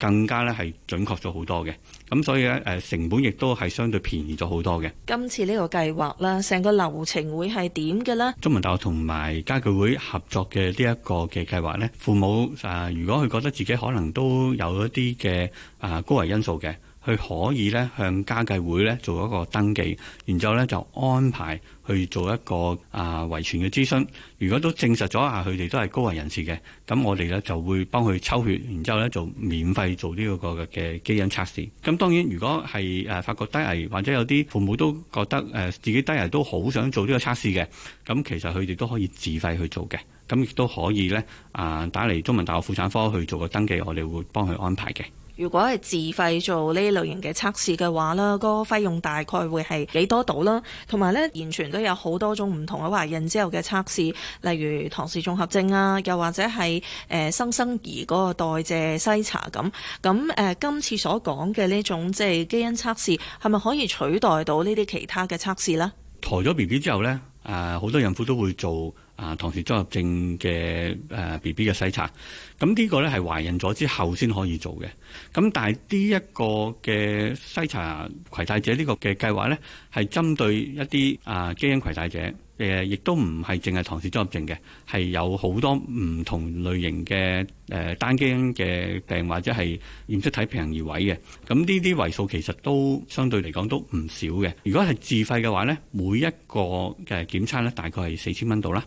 更加咧係準確咗好多嘅，咁所以咧，誒成本亦都係相對便宜咗好多嘅。今次呢個計劃咧，成個流程會係點嘅咧？中文大學同埋家俱會合作嘅呢一個嘅計劃咧，父母啊，如果佢覺得自己可能都有一啲嘅啊高危因素嘅。佢可以咧向家計會咧做一個登記，然之後咧就安排去做一個啊遺傳嘅諮詢。如果都證實咗啊，佢哋都係高危人士嘅，咁我哋咧就會幫佢抽血，然之後咧就免費做呢個嘅基因測試。咁當然，如果係誒發覺低危或者有啲父母都覺得誒自己低危都好想做呢個測試嘅，咁其實佢哋都可以自費去做嘅，咁亦都可以咧啊打嚟中文大學婦產科去做個登記，我哋會幫佢安排嘅。如果係自費做呢類型嘅測試嘅話呢個費用大概會係幾多度啦？同埋呢，完全都有好多種唔同嘅懷孕之後嘅測試，例如唐氏綜合症啊，又或者係誒新生兒嗰個代謝篩查咁。咁誒、呃，今次所講嘅呢種即係、就是、基因測試係咪可以取代到呢啲其他嘅測試呢？抬咗 B B 之後呢，誒、呃、好多孕婦都會做。啊！唐氏綜合症嘅誒 B B 嘅篩查，咁、呃嗯這個、呢個咧係懷孕咗之後先可以做嘅。咁、嗯、但係呢一個嘅篩查攜帶者個計劃呢個嘅計劃咧，係針對一啲啊基因攜帶者誒、呃，亦都唔係淨係唐氏綜合症嘅，係、呃、有好多唔同類型嘅誒、呃、單基因嘅病或者係染色體平移位嘅。咁呢啲為數其實都相對嚟講都唔少嘅。如果係自費嘅話咧，每一個嘅檢測咧大概係四千蚊度啦。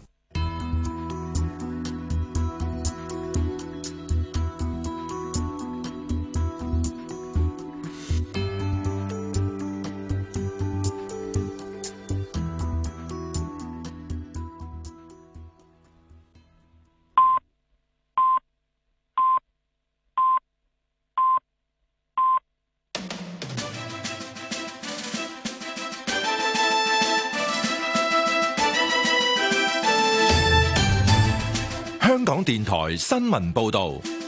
新聞報道。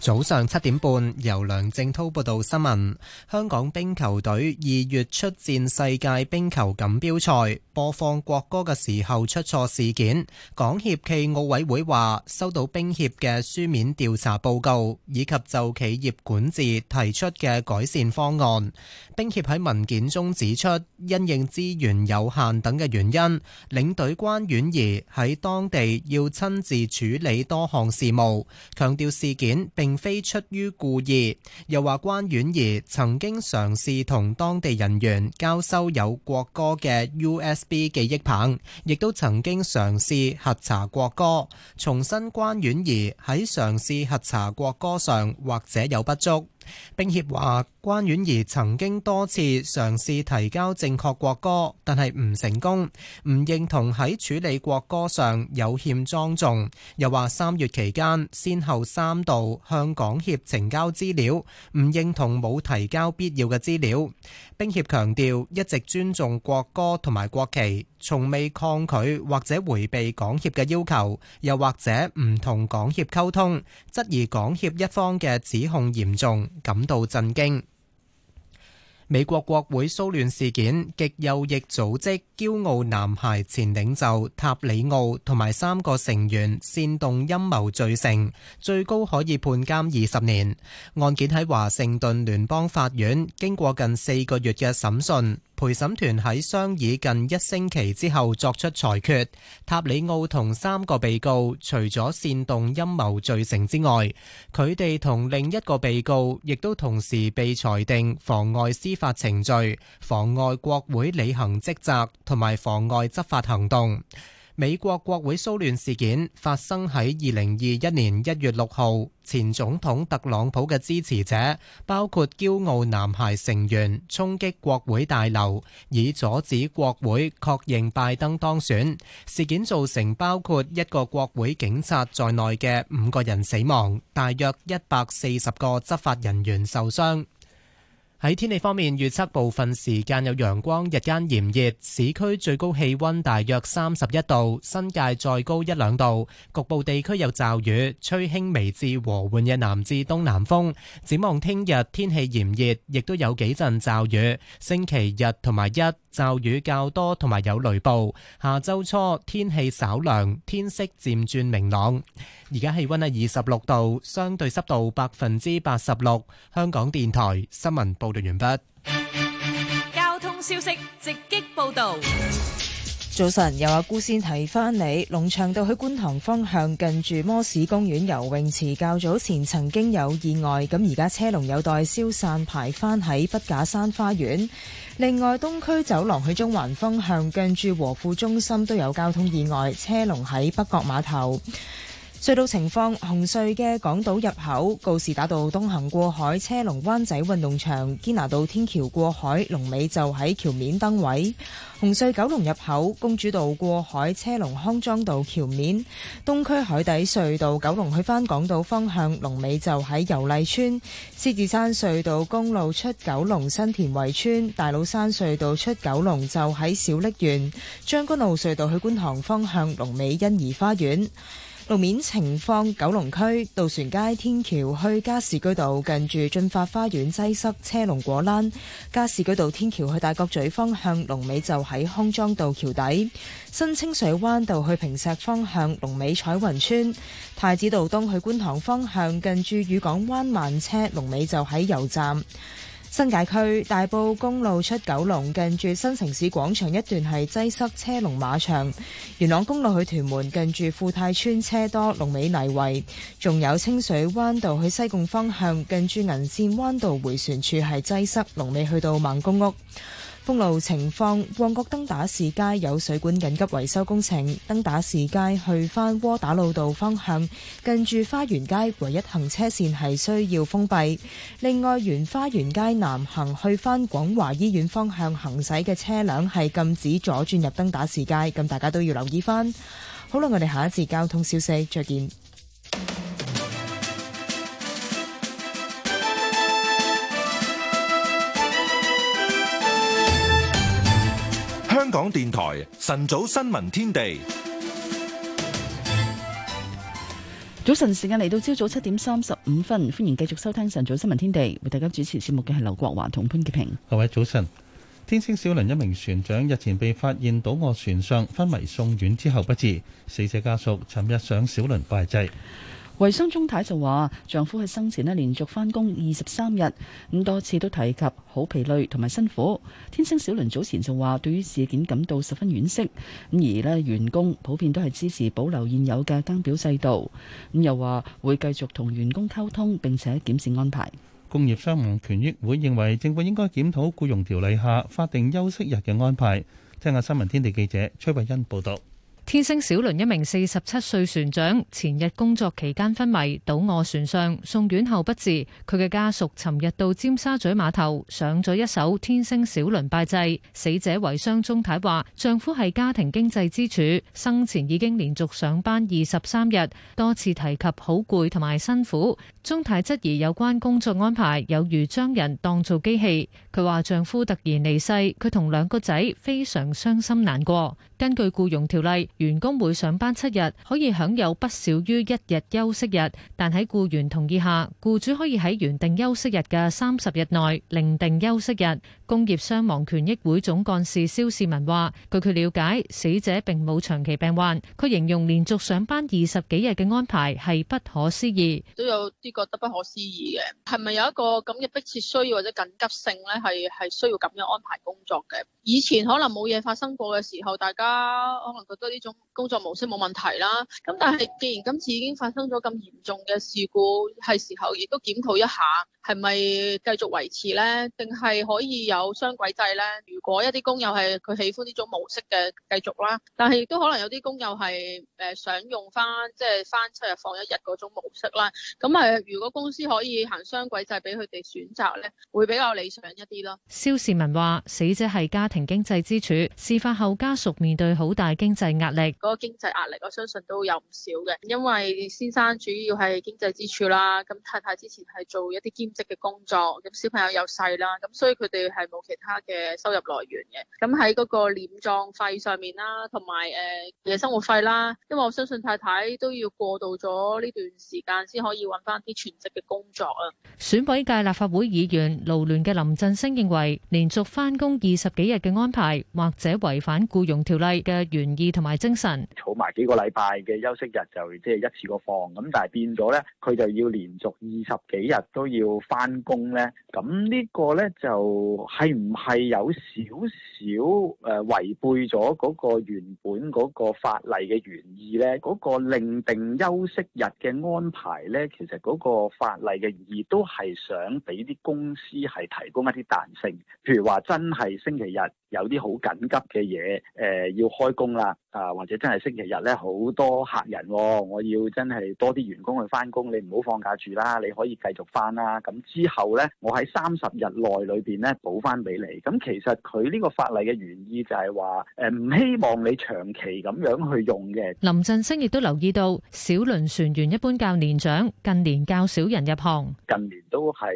早上七點半，由梁正濤報道新聞。香港冰球隊二月出戰世界冰球錦標賽，播放國歌嘅時候出錯事件。港協暨奧委會話收到冰協嘅書面調查報告，以及就企業管治提出嘅改善方案。冰協喺文件中指出，因應資源有限等嘅原因，領隊關婉兒喺當地要親自處理多項事務，強調事件並並非出於故意，又話關婉儀曾經嘗試同當地人員交收有國歌嘅 USB 記憶棒，亦都曾經嘗試核查國歌，重申關婉儀喺嘗試核查國歌上或者有不足。冰協話關婉儀曾經多次嘗試提交正確國歌，但係唔成功，唔認同喺處理國歌上有欠莊重。又話三月期間先後三度向港協呈交資料，唔認同冇提交必要嘅資料。冰協強調一直尊重國歌同埋國旗。從未抗拒或者迴避港協嘅要求，又或者唔同港協溝通，質疑港協一方嘅指控嚴重，感到震驚。美國國會騷亂事件極右翼組織「驕傲男孩」前領袖塔里奧同埋三個成員煽動陰謀罪成，最高可以判監二十年。案件喺華盛頓聯邦法院經過近四個月嘅審訊。陪審團喺商議近一星期之後作出裁決，塔里奧同三個被告除咗煽動陰謀罪成之外，佢哋同另一個被告亦都同時被裁定妨礙司法程序、妨礙國會履行職責同埋妨礙執法行動。美國國會騷亂事件發生喺二零二一年一月六號，前總統特朗普嘅支持者，包括驕傲男孩成員衝擊國會大樓，以阻止國會確認拜登當選。事件造成包括一個國會警察在內嘅五個人死亡，大約一百四十個執法人員受傷。喺天氣方面，預測部分時間有陽光，日間炎熱，市區最高氣溫大約三十一度，新界再高一兩度，局部地區有驟雨，吹輕微至和緩嘅南至東南風。展望聽日天氣炎熱，亦都有幾陣驟雨，星期日同埋一。驟雨較多同埋有雷暴，下周初天氣稍涼，天色漸轉明朗。而家氣溫喺二十六度，相對濕度百分之八十六。香港電台新聞報道完畢。交通消息直擊報道。早晨，有阿姑先提翻你，龍翔道去觀塘方向，近住摩士公園游泳池，較早前曾經有意外，咁而家車龍有待消散，排翻喺筆架山花園。另外，東區走廊去中環方向近住和富中心都有交通意外，車龍喺北角碼頭。隧道情況：紅隧嘅港島入口告士打道東行過海，車龍灣仔運動場堅拿道天橋過海，龍尾就喺橋面燈位。紅隧九龍入口公主道過海，車龍康莊道橋面。東區海底隧道九龍去返港島方向，龍尾就喺油麗村。獅子山隧道公路出九龍新田圍村，大老山隧道出九龍就喺小瀝源。將軍澳隧道去觀塘方向，龍尾欣怡花園。路面情況：九龍區渡船街天橋去加士居道近住駿發花園擠塞車龍果欄；加士居道天橋去大角咀方向龍尾就喺康莊道橋底；新清水灣道去坪石方向龍尾彩雲村；太子道東去觀塘方向近住漁港灣慢車龍尾就喺油站。新界區大埔公路出九龍，近住新城市廣場一段係擠塞車龍馬場；元朗公路去屯門，近住富泰村車多龍尾泥圍；仲有清水灣道去西貢方向，近住銀線灣道回旋處係擠塞，龍尾去到孟公屋。封路情況，旺角登打士街有水管緊急維修工程，登打士街去翻窩打路道方向近住花園街唯一行車綫係需要封閉。另外，沿花園街南行去翻廣華醫院方向行駛嘅車輛係禁止左轉入登打士街，咁大家都要留意翻。好啦，我哋下一次交通消息再見。香港電台晨早新聞天地，早晨時間嚟到朝早七點三十五分，歡迎繼續收聽晨早新聞天地，為大家主持節目嘅係劉國華同潘潔平。各位早晨，天星小輪一名船長日前被發現倒臥船上昏迷送院之後不治，死者家屬尋日上小輪拜祭。維生中太就話：丈夫喺生前咧連續翻工二十三日，咁多次都提及好疲累同埋辛苦。天星小輪早前就話對於事件感到十分惋惜，咁而咧員工普遍都係支持保留現有嘅更表制度，咁又話會繼續同員工溝通並且檢視安排。工業傷亡權益會認為政府應該檢討僱傭條例下法定休息日嘅安排。聽下新聞天地記者崔慧欣報導。天星小輪一名四十七歲船長，前日工作期間昏迷倒卧船上，送院後不治。佢嘅家屬尋日到尖沙咀碼頭上咗一艘天星小輪拜祭。死者遺孀鍾太話，丈夫係家庭經濟支柱，生前已經連續上班二十三日，多次提及好攰同埋辛苦。鍾太質疑有關工作安排有如將人當做機器。佢話丈夫突然離世，佢同兩個仔非常傷心難過。根據僱傭條例，員工每上班七日，可以享有不少於一日休息日，但喺僱員同意下，僱主可以喺原定休息日嘅三十日內另定休息日。工業傷亡權益會總幹事蕭倩文話，據佢了解，死者並冇長期病患，佢形容連續上班二十幾日嘅安排係不可思議，都有啲覺得不可思議嘅，係咪有一個咁嘅迫切需要或者緊急性咧？係係需要咁樣安排工作嘅？以前可能冇嘢發生過嘅時候，大家可能覺得呢種工作模式冇問題啦，咁但係既然今次已經發生咗咁嚴重嘅事故，係時候亦都檢討一下，係咪繼續維持呢？定係可以有？有雙軌制咧，如果一啲工友係佢喜歡呢種模式嘅繼續啦，但係亦都可能有啲工友係誒想用翻即係翻七日放一日嗰種模式啦。咁誒，如果公司可以行雙軌制俾佢哋選擇咧，會比較理想一啲咯。蕭市民話：死者係家庭經濟支柱，事發後家屬面對好大經濟壓力。嗰個經濟壓力，我相信都有唔少嘅，因為先生主要係經濟支柱啦，咁太太之前係做一啲兼職嘅工作，咁小朋友又細啦，咁所以佢哋係。冇其他嘅收入來源嘅，咁喺嗰個殮葬費上面啦，同埋誒嘅生活費啦，因為我相信太太都要過渡咗呢段時間先可以揾翻啲全職嘅工作啊。選委界立法會議員勞聯嘅林振昇認為，連續翻工二十幾日嘅安排，或者違反僱傭條例嘅原意同埋精神。儲埋幾個禮拜嘅休息日就即係一次過放，咁但係變咗咧，佢就要連續二十幾日都要翻工咧，咁呢個咧就。係唔係有少少誒違背咗嗰個原本嗰個法例嘅原意咧？嗰、嗰個另定休息日嘅安排咧，其實嗰個法例嘅意義都係想俾啲公司係提供一啲彈性，譬如話真係星期日有啲好緊急嘅嘢，誒、呃、要開工啦。啊，或者真係星期日咧，好多客人，我要真係多啲員工去翻工，你唔好放假住啦，你可以繼續翻啦。咁之後咧，我喺三十日內裏邊咧補翻俾你。咁其實佢呢個法例嘅原意就係話，誒唔希望你長期咁樣去用嘅。林振昇亦都留意到，小輪船員一般較年長，近年較少人入行。近年都係。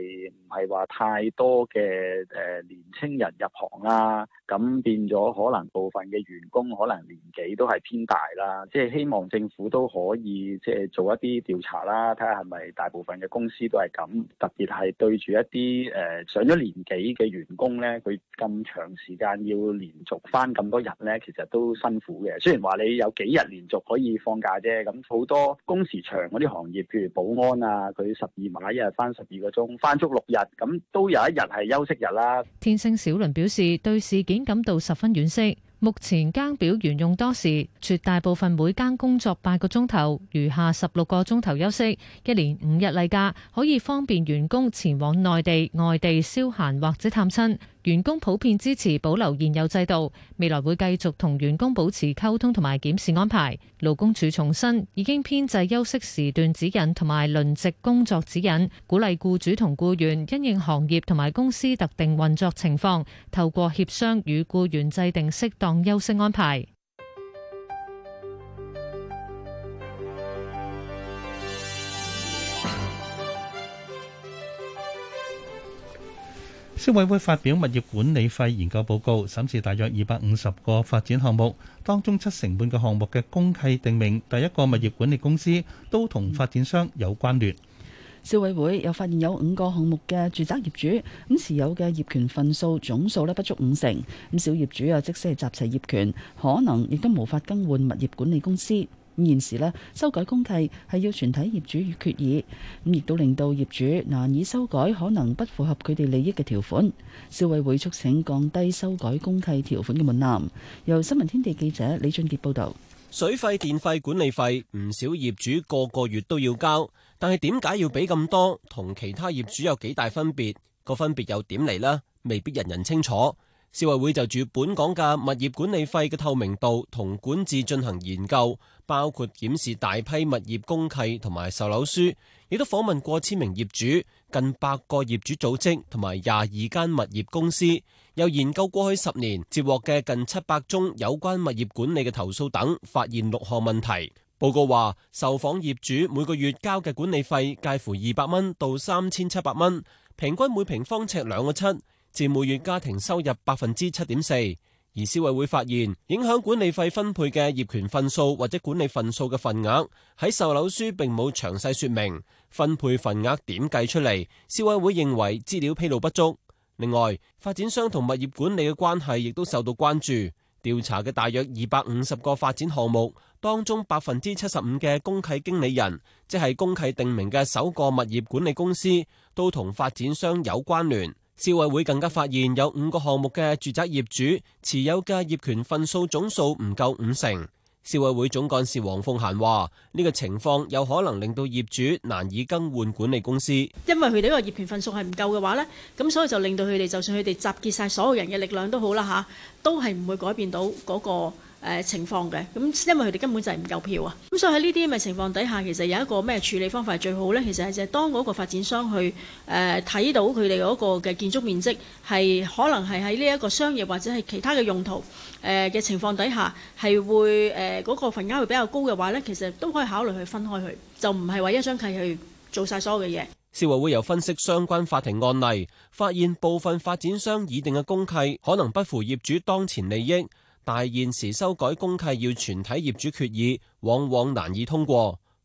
係話太多嘅誒、呃、年青人入行啦，啊，咁變咗可能部分嘅員工可能年紀都係偏大啦，即係希望政府都可以即係做一啲調查啦，睇下係咪大部分嘅公司都係咁，特別係對住一啲誒上咗年紀嘅員工咧，佢咁長時間要連續翻咁多日咧，其實都辛苦嘅。雖然話你有幾日連續可以放假啫，咁好多工時長嗰啲行業，譬如保安啊，佢十二碼一日翻十二個鐘，翻足六日。咁都有一日係休息日啦。天星小輪表示對事件感到十分惋惜。目前更表沿用多時，絕大部分每更工作八個鐘頭，餘下十六個鐘頭休息，一年五日例假，可以方便員工前往內地、外地消閒或者探親。員工普遍支持保留現有制度，未來會繼續同員工保持溝通同埋檢視安排。勞工處重申已經編製休息時段指引同埋輪值工作指引，鼓勵僱主同僱員因應行業同埋公司特定運作情況，透過協商與僱員制定適當休息安排。消委會發表物業管理費研究報告，審視大約二百五十個發展項目，當中七成半嘅項目嘅公契定名第一個物業管理公司都同發展商有關聯。消委會又發現有五個項目嘅住宅業主咁持有嘅業權份數總數咧不足五成，咁小業主啊即使係集齊業權，可能亦都無法更換物業管理公司。現時呢，修改公契係要全體業主決議，咁亦都令到業主難以修改可能不符合佢哋利益嘅條款。消委會促請降低修改公契條款嘅門檻。由新聞天地記者李俊杰報道。水費、電費、管理費，唔少業主個個月都要交，但係點解要俾咁多？同其他業主有幾大分別？個分別又點嚟呢？未必人人清楚。消委會就住本港嘅物業管理費嘅透明度同管治進行研究，包括檢視大批物業公契同埋售樓書，亦都訪問過千名業主、近百個業主組織同埋廿二間物業公司，又研究過去十年接獲嘅近七百宗有關物業管理嘅投訴等，發現六項問題。報告話，受訪業主每個月交嘅管理費介乎二百蚊到三千七百蚊，平均每平方尺兩個七。自每月家庭收入百分之七點四，而消委會發現影響管理費分配嘅業權份數或者管理份數嘅份額喺售樓書，並冇詳細說明分配份額點計出嚟。消委會認為資料披露不足。另外，發展商同物業管理嘅關係亦都受到關注。調查嘅大約二百五十個發展項目當中，百分之七十五嘅公契經理人，即係公契定名嘅首個物業管理公司，都同發展商有關聯。消委會更加發現有五個項目嘅住宅業主持有嘅業權份數總數唔夠五成。消委會總幹事黃鳳嫻話：呢個情況有可能令到業主難以更換管理公司，因為佢哋個業權份數係唔夠嘅話呢，咁所以就令到佢哋，就算佢哋集結晒所有人嘅力量都好啦吓，都係唔會改變到嗰個。誒、呃、情況嘅，咁因為佢哋根本就係唔夠票啊，咁、嗯、所以喺呢啲咁嘅情況底下，其實有一個咩處理方法係最好呢？其實係就係當嗰個發展商去誒睇、呃、到佢哋嗰個嘅建築面積係可能係喺呢一個商業或者係其他嘅用途嘅、呃、情況底下，係會誒嗰個份額會比較高嘅話呢，其實都可以考慮去分開去，就唔係為一張契去做晒所有嘅嘢。消委會又分析相關法庭案例，發現部分發展商擬定嘅公契可能不符業主當前利益。大現時修改公契要全體業主決議，往往難以通過。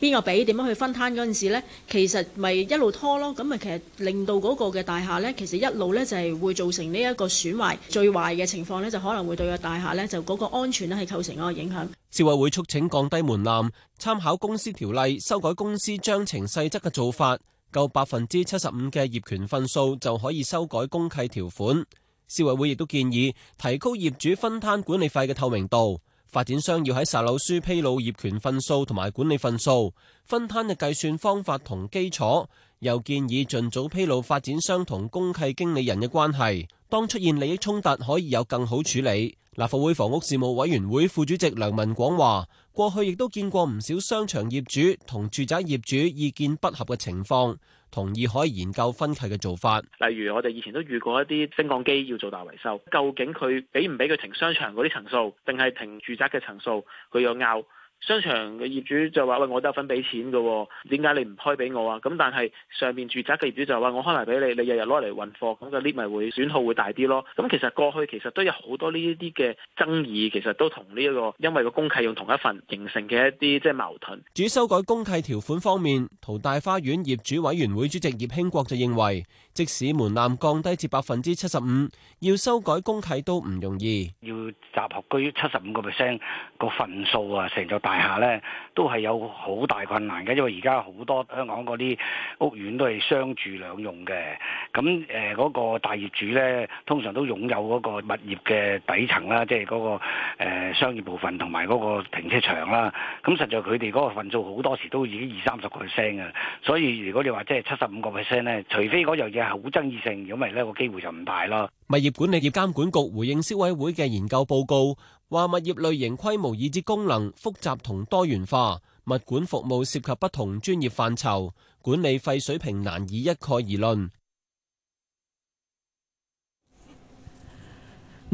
邊個俾點樣去分攤嗰陣時咧，其實咪一路拖咯，咁咪其實令到嗰個嘅大廈呢，其實一路呢就係會造成呢一個損壞，最壞嘅情況呢，就可能會對個大廈呢，就嗰個安全呢係構成一個影響。消委會促請降低門檻，參考公司條例修改公司章程細則嘅做法，夠百分之七十五嘅業權份數就可以修改公契條款。消委會亦都建議提高業主分攤管理費嘅透明度。發展商要喺售樓書披露業權份數同埋管理份數分攤嘅計算方法同基礎，又建議盡早披露發展商同公契經理人嘅關係，當出現利益衝突可以有更好處理。立法會房屋事務委員會副主席梁文廣話，過去亦都見過唔少商場業主同住宅業主意見不合嘅情況。同意可以研究分契嘅做法，例如我哋以前都遇過一啲升降機要做大維修，究竟佢俾唔俾佢停商場嗰啲層數，定係停住宅嘅層數，佢有拗。商場嘅業主就話喂，我都有份俾錢嘅，點解你唔開俾我啊？咁但係上面住宅嘅業主就話我開埋俾你，你日日攞嚟運貨，咁就呢咪會損耗會大啲咯。咁其實過去其實都有好多呢一啲嘅爭議，其實都同呢一個因為個公契用同一份形成嘅一啲即係矛盾。至於修改公契條款方面，淘大花園業主委員會主席葉興國就認為。即使門檻降低至百分之七十五，要修改公契都唔容易。要集合居於七十五個 percent 個份數啊，成座大廈咧都係有好大困難嘅，因為而家好多香港啲屋苑都係商住兩用嘅。咁誒個大業主咧，通常都擁有個物業嘅底層啦，即係個誒商業部分同埋個停車場啦。咁實在佢哋個份數好多時都已經二三十個 percent 啊。所以如果你話即係七十五個 percent 咧，除非樣嘢。好爭議性，如果咪呢個機會就唔大啦。物業管理業監管局回應消委會嘅研究報告，話物業類型規模以至功能複雜同多元化，物管服務涉及不同專業範疇，管理費水平難以一概而論。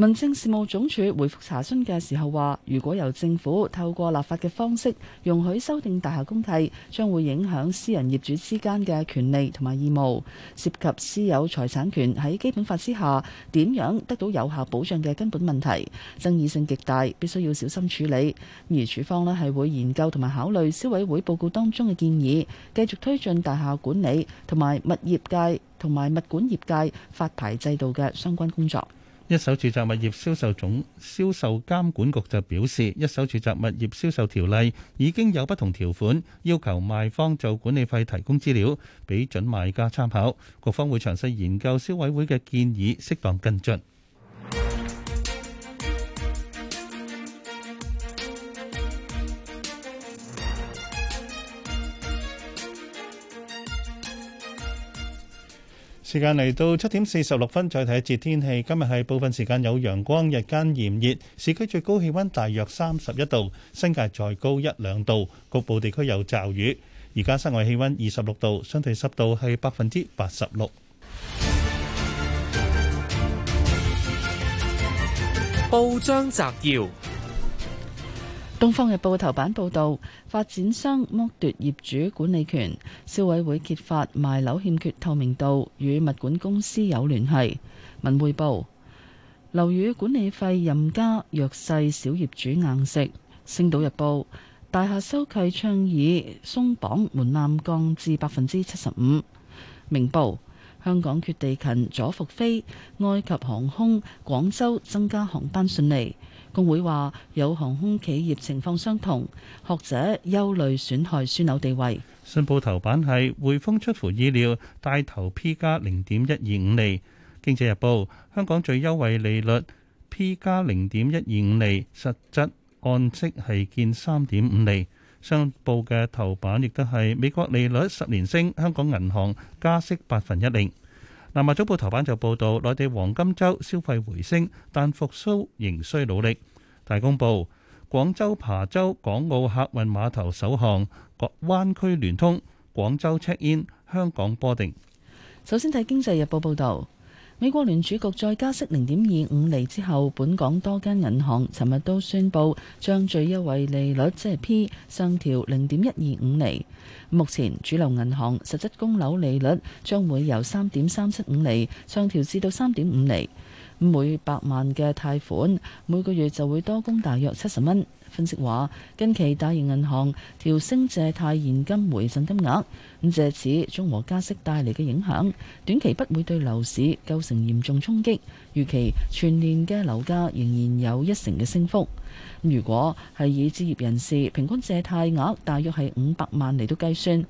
民政事務總署回覆查詢嘅時候話，如果由政府透過立法嘅方式容許修訂大廈公契，將會影響私人業主之間嘅權利同埋義務，涉及私有財產權喺基本法之下點樣得到有效保障嘅根本問題，爭議性極大，必須要小心處理。而署方呢係會研究同埋考慮消委會報告當中嘅建議，繼續推進大廈管理同埋物業界同埋物管業界發牌制度嘅相關工作。一手住宅物業銷售總銷售監管局就表示，一手住宅物業銷售條例已經有不同條款要求賣方就管理費提供資料俾準買家參考，局方會詳細研究消委會嘅建議，適當跟進。時間嚟到七點四十六分，再睇一節天氣。今日係部分時間有陽光，日間炎熱，市區最高氣溫大約三十一度，新界再高一兩度，局部地區有驟雨。而家室外氣溫二十六度，相對濕度係百分之八十六。報章摘要。《東方日報》頭版報道，發展商剝奪業主管理權，消委會揭發賣樓欠缺透明度，與物管公司有聯繫。《文匯報》樓宇管理費任加弱勢小業主硬食。《星島日報》大廈收契倡議鬆綁門檻降至百分之七十五。《明報》香港缺地勤，左伏飛，埃及航空廣州增加航班順利。工會話有航空企業情況相同，學者憂慮損害樞紐地位。信報頭版係匯豐出乎意料帶頭 P 加零點一二五釐，《經濟日報》香港最優惠利率 P 加零點一二五釐，實質按息係見三點五釐。商報嘅頭版亦都係美國利率十年升，香港銀行加息百分一釐。南華早報頭版就報道，內地黃金周消費回升，但復蘇仍需努力。大公報：廣州琶洲港澳客運碼頭首航，各灣區聯通，廣州 check-in，香港 boarding。首先睇經濟日報報道。美國聯儲局再加息0.25厘之後，本港多間銀行尋日都宣布將最優惠利率即係、就是、P 上調0.125厘。目前主流銀行實質供樓利率將會由3.375厘上調至到3.5厘，每百萬嘅貸款每個月就會多供大約七十蚊。分析話，近期大型銀行調升借貸現金回贈金額，咁藉此中和加息帶嚟嘅影響，短期不會對樓市構成嚴重衝擊。預期全年嘅樓價仍然有一成嘅升幅。如果係以置業人士平均借貸額大約係五百萬嚟到計算，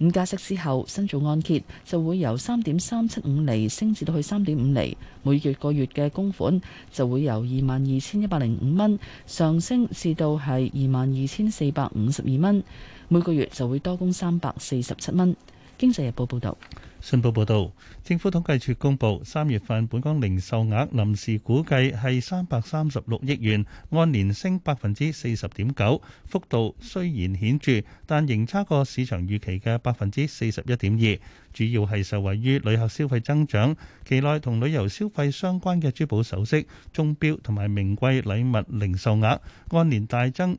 咁加息之後新造按揭就會由三點三七五厘升至到去三點五厘，每月個月嘅供款就會由二萬二千一百零五蚊上升至到係二萬二千四百五十二蚊，每個月就會多供三百四十七蚊。經濟日報報導，信報報導，政府統計處公布三月份本港零售額臨時估計係三百三十六億元，按年升百分之四十點九，幅度雖然顯著，但仍差過市場預期嘅百分之四十一點二，主要係受惠於旅客消費增長，期內同旅遊消費相關嘅珠寶首飾、鐘錶同埋名貴禮物零售額按年大增。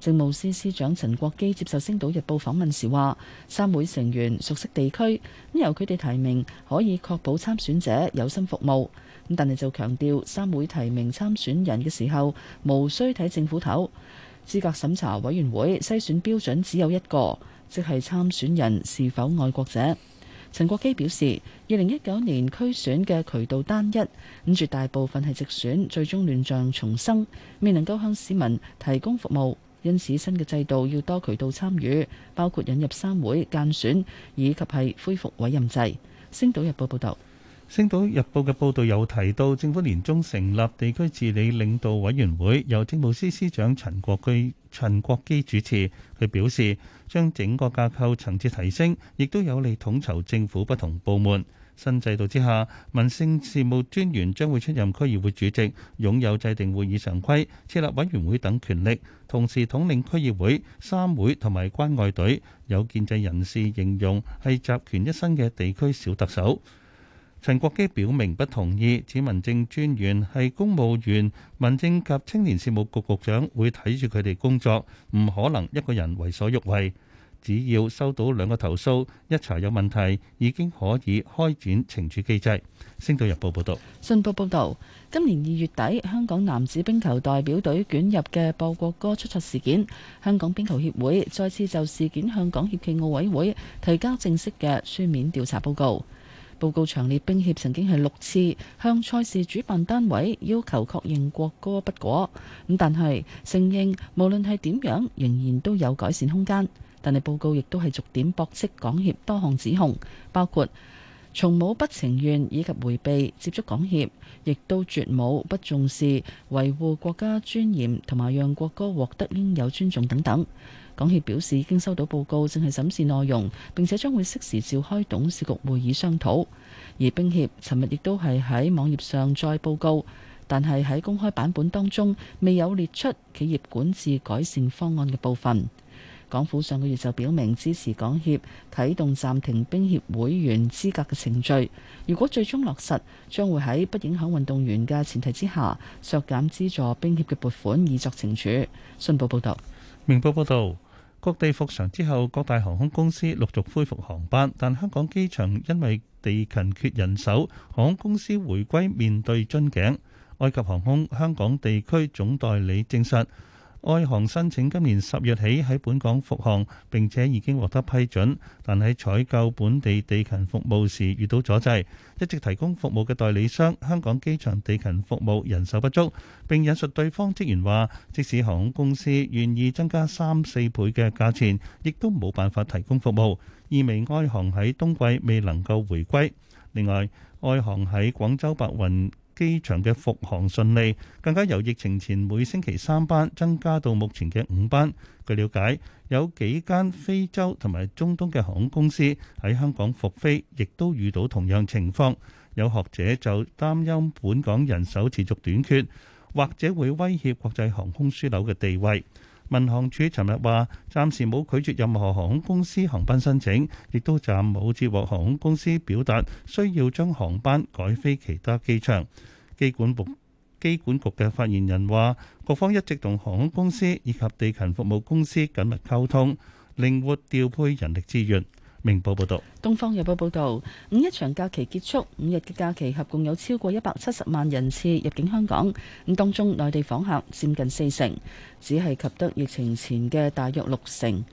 政務司司長陳國基接受《星島日報》訪問時話，三會成員熟悉地區，咁由佢哋提名，可以確保參選者有心服務。咁但係就強調，三會提名參選人嘅時候，無需睇政府頭。資格審查委員會篩選標準只有一個，即係參選人是否愛國者。陳國基表示，二零一九年區選嘅渠道單一，咁絕大部分係直選，最終亂象重生，未能夠向市民提供服務。因此，新嘅制度要多渠道參與，包括引入三會間選以及係恢復委任制。星島日報報道。星島日報嘅報道又提到，政府年終成立地區治理領導委員會，由政務司司長陳國基陳國基主持。佢表示，將整個架構層次提升，亦都有利統籌政府不同部門。新制度之下，民政事務專員將會出任區議會主席，擁有制定會議常規、設立委員會等權力。同時統領區議會、三會同埋關愛隊，有建制人士形容係集權一身嘅地區小特首。陳國基表明不同意，指民政專員係公務員，民政及青年事務局局長會睇住佢哋工作，唔可能一個人為所欲為。只要收到兩個投訴，一查有問題，已經可以開展懲處機制。星島日報報道，信報報道，今年二月底，香港男子冰球代表隊捲入嘅報國歌出錯事件，香港冰球協會再次就事件向港協暨奧委會提交正式嘅書面調查報告。報告強烈冰協曾經係六次向賽事主辦單位要求確認國歌不果，咁但係承認無論係點樣仍然都有改善空間。但係報告亦都係逐點駁斥港協多項指控，包括從冇不情願以及回避接觸港協，亦都絕冇不重視維護國家尊嚴同埋讓國歌獲得應有尊重等等。港協表示已經收到報告，正係審視內容，並且將會適時召開董事局會議商討。而冰協尋日亦都係喺網頁上載報告，但係喺公開版本當中未有列出企業管治改善方案嘅部分。港府上個月就表明支持港協啟動暫停冰協會員資格嘅程序，如果最終落實，將會喺不影響運動員嘅前提之下，削減資助冰協嘅撥款以作懲處。信報報道，明報報道，各地復常之後，各大航空公司陸續恢復航班，但香港機場因為地勤缺人手，航空公司回歸面對樽頸。埃及航空香港地區總代理證實。外航申請今年十月起喺本港復航，並且已經獲得批准，但喺採購本地地勤服務時遇到阻滯。一直提供服務嘅代理商香港機場地勤服務人手不足，並引述對方職員話：即使航空公司願意增加三四倍嘅價錢，亦都冇辦法提供服務，意味外航喺冬季未能夠回歸。另外，外航喺廣州白雲。機場嘅復航順利，更加由疫情前每星期三班增加到目前嘅五班。據了解，有幾間非洲同埋中東嘅航空公司喺香港復飛，亦都遇到同樣情況。有學者就擔憂本港人手持續短缺，或者會威脅國際航空樞紐嘅地位。民航處尋日話，暫時冇拒絕任何航空公司航班申請，亦都暫冇接獲航空公司表達需要將航班改飛其他機場。機管局機管局嘅發言人話，各方一直同航空公司以及地勤服務公司緊密溝通，靈活調配人力資源。明報報道：《東方日報》報道，五一長假期結束，五日嘅假期合共有超過一百七十萬人次入境香港。咁當中，內地訪客佔近四成，只係及得疫情前嘅大約六成。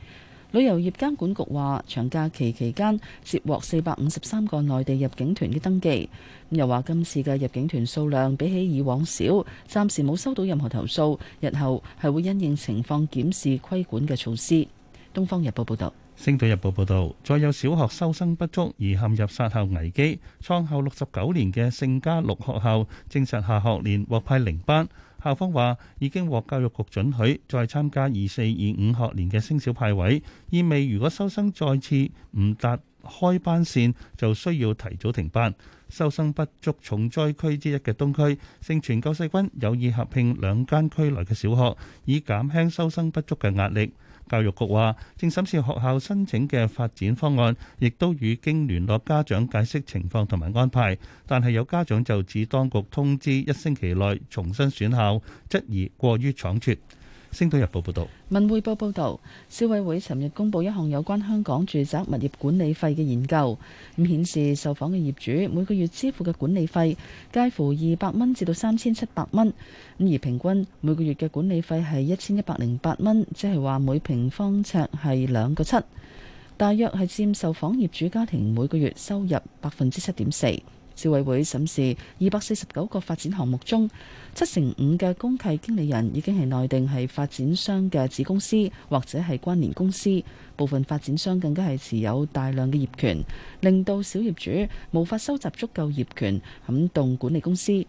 旅遊業監管局話，長假期期間接獲四百五十三個內地入境團嘅登記。又話今次嘅入境團數量比起以往少，暫時冇收到任何投訴。日後係會因應情況檢視規管嘅措施。《東方日報》報道。星島日報報道，再有小學收生不足，而陷入殺校危機，創校六十九年嘅聖嘉祿學校證實下學年獲派零班，校方話已經獲教育局准許再參加二四二五學年嘅升小派位，意味如果收生再次唔達開班線，就需要提早停班。收生不足重災區之一嘅東區，聖全救世軍有意合併兩間區內嘅小學，以減輕收生不足嘅壓力。教育局話，正審視學校申請嘅發展方案，亦都已經聯絡家長解釋情況同埋安排，但係有家長就指當局通知一星期內重新選校，質疑過於倉促。星島日報報道，文匯報報道，消委會尋日公布一項有關香港住宅物業管理費嘅研究，咁顯示受訪嘅業主每個月支付嘅管理費介乎二百蚊至到三千七百蚊，咁而平均每個月嘅管理費係一千一百零八蚊，即係話每平方尺係兩個七，大約係佔受訪業主家庭每個月收入百分之七點四。消委會審視二百四十九個發展項目中，七成五嘅公契經理人已經係內定係發展商嘅子公司或者係關聯公司，部分發展商更加係持有大量嘅業權，令到小業主無法收集足夠業權撼動管理公司。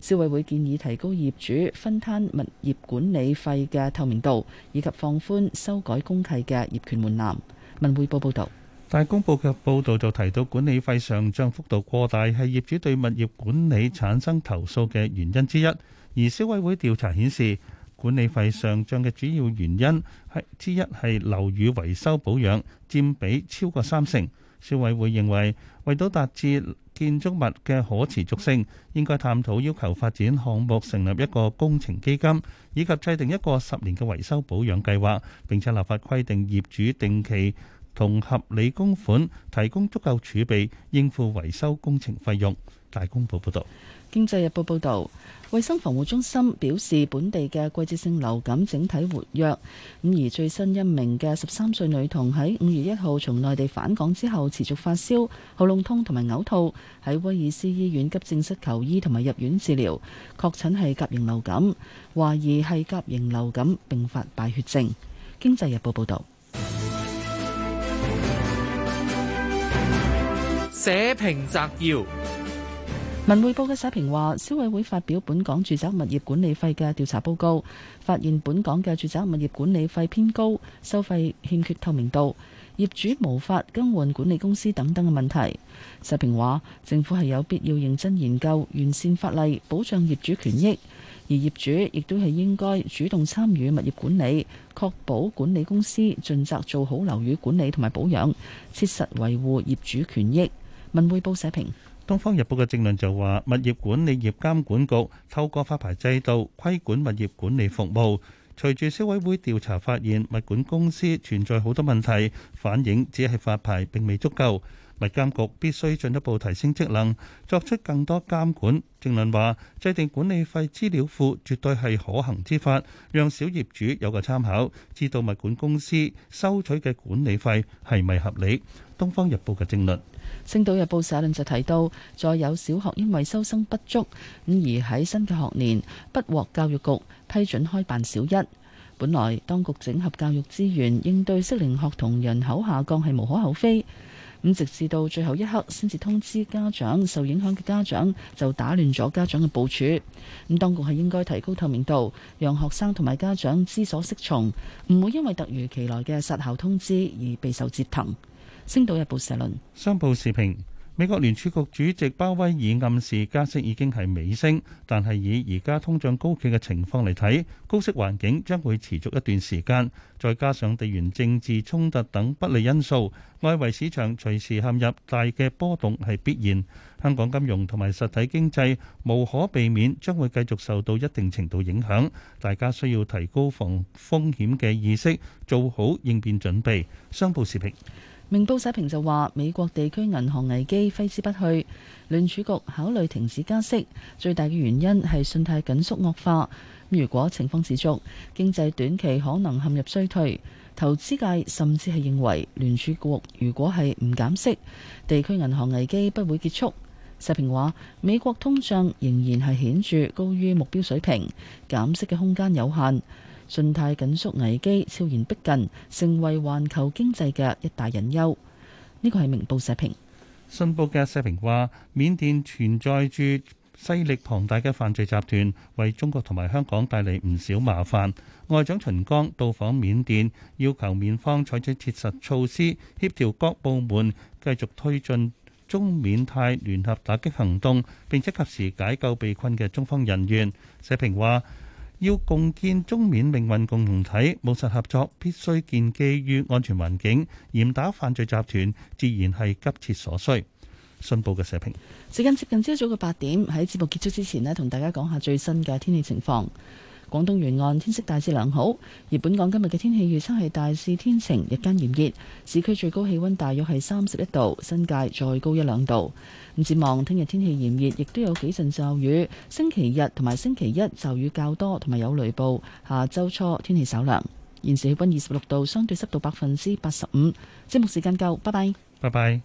消委會建議提高業主分攤物業管理費嘅透明度，以及放寬修改公契嘅業權門檻。文匯報報道。但大公報嘅報道就提到管理費上漲幅度過大係業主對物業管理產生投訴嘅原因之一。而消委會調查顯示，管理費上漲嘅主要原因係之一係樓宇維修保養佔比超過三成。消委會認為，為到達至建築物嘅可持續性，應該探討要求發展項目成立一個工程基金，以及制定一個十年嘅維修保養計劃，並且立法規定業主定期同合理供款，提供足夠儲備應付維修工程費用。大公報報導。經濟日報報導，衞生防護中心表示，本地嘅季節性流感整體活躍。咁而最新一名嘅十三歲女童喺五月一號從內地返港之後，持續發燒、喉嚨痛同埋嘔吐，喺威爾斯醫院急症室求醫同埋入院治療，確診係甲型流感，懷疑係甲型流感並發敗血症。經濟日報報導。社評摘要，文匯報嘅社評話，消委會發表本港住宅物業管理費嘅調查報告，發現本港嘅住宅物業管理費偏高，收費欠缺透明度，業主無法更換管理公司等等嘅問題。社評話，政府係有必要認真研究完善法例，保障業主權益；而業主亦都係應該主動參與物業管理，確保管理公司盡責做好樓宇管理同埋保養，切實維護業主權益。文匯報社評。東方日報嘅正論就話，物業管理業監管局透過發牌制度規管物業管理服務。隨住消委會調查發現，物管公司存在好多問題，反映只係發牌並未足夠。物監局必須進一步提升職能，作出更多監管。正論話，制定管理費資料庫絕對係可行之法，讓小業主有個參考，知道物管公司收取嘅管理費係咪合理。東方日報嘅正論。《星島日報》社論就提到，再有小學因為收生不足，咁而喺新嘅學年不獲教育局批准開辦小一。本來當局整合教育資源，應對適齡學童人口下降係無可厚非。咁直至到最後一刻，先至通知家長，受影響嘅家長就打亂咗家長嘅部署。咁當局係應該提高透明度，讓學生同埋家長知所適從，唔會因為突如其來嘅殺校通知而備受折騰。星島日報社論：商報視評，美國聯儲局主席鮑威爾暗示加息已經係尾聲，但係以而家通脹高企嘅情況嚟睇，高息環境將會持續一段時間。再加上地緣政治衝突等不利因素，外圍市場隨時陷入大嘅波動係必然。香港金融同埋實體經濟無可避免將會繼續受到一定程度影響。大家需要提高防風險嘅意識，做好應變準備。商報視評。明報社評就話：美國地區銀行危機揮之不去，聯儲局考慮停止加息，最大嘅原因係信貸緊縮惡化。如果情況持續，經濟短期可能陷入衰退。投資界甚至係認為聯儲局如果係唔減息，地區銀行危機不會結束。社評話：美國通脹仍然係顯著高於目標水平，減息嘅空間有限。信貸緊縮危機悄然逼近，成為環球經濟嘅一大隱憂。呢個係明報社評。信報嘅社評話，緬甸存在住勢力龐大嘅犯罪集團，為中國同埋香港帶嚟唔少麻煩。外長秦剛到訪緬甸，要求緬方採取切實措施，協調各部門繼續推進中緬泰聯合打擊行動，並且及時解救被困嘅中方人員。社評話，要共建中緬命運共同體，務實合作必須建基於安全環境，嚴打犯罪集團，自然係急切所需。信報嘅社評。時間接近朝早嘅八點，喺節目結束之前呢，同大家講下最新嘅天氣情況。廣東沿岸天色大致良好，而本港今日嘅天氣預測係大致天晴，日間炎熱，市區最高氣温大約係三十一度，新界再高一兩度。展望聽日天氣炎熱，亦都有幾陣驟雨。星期日同埋星期一驟雨較多，同埋有雷暴。下周初天氣稍涼。現時氣溫二十六度，相對濕度百分之八十五。節目時間夠，拜拜。拜拜。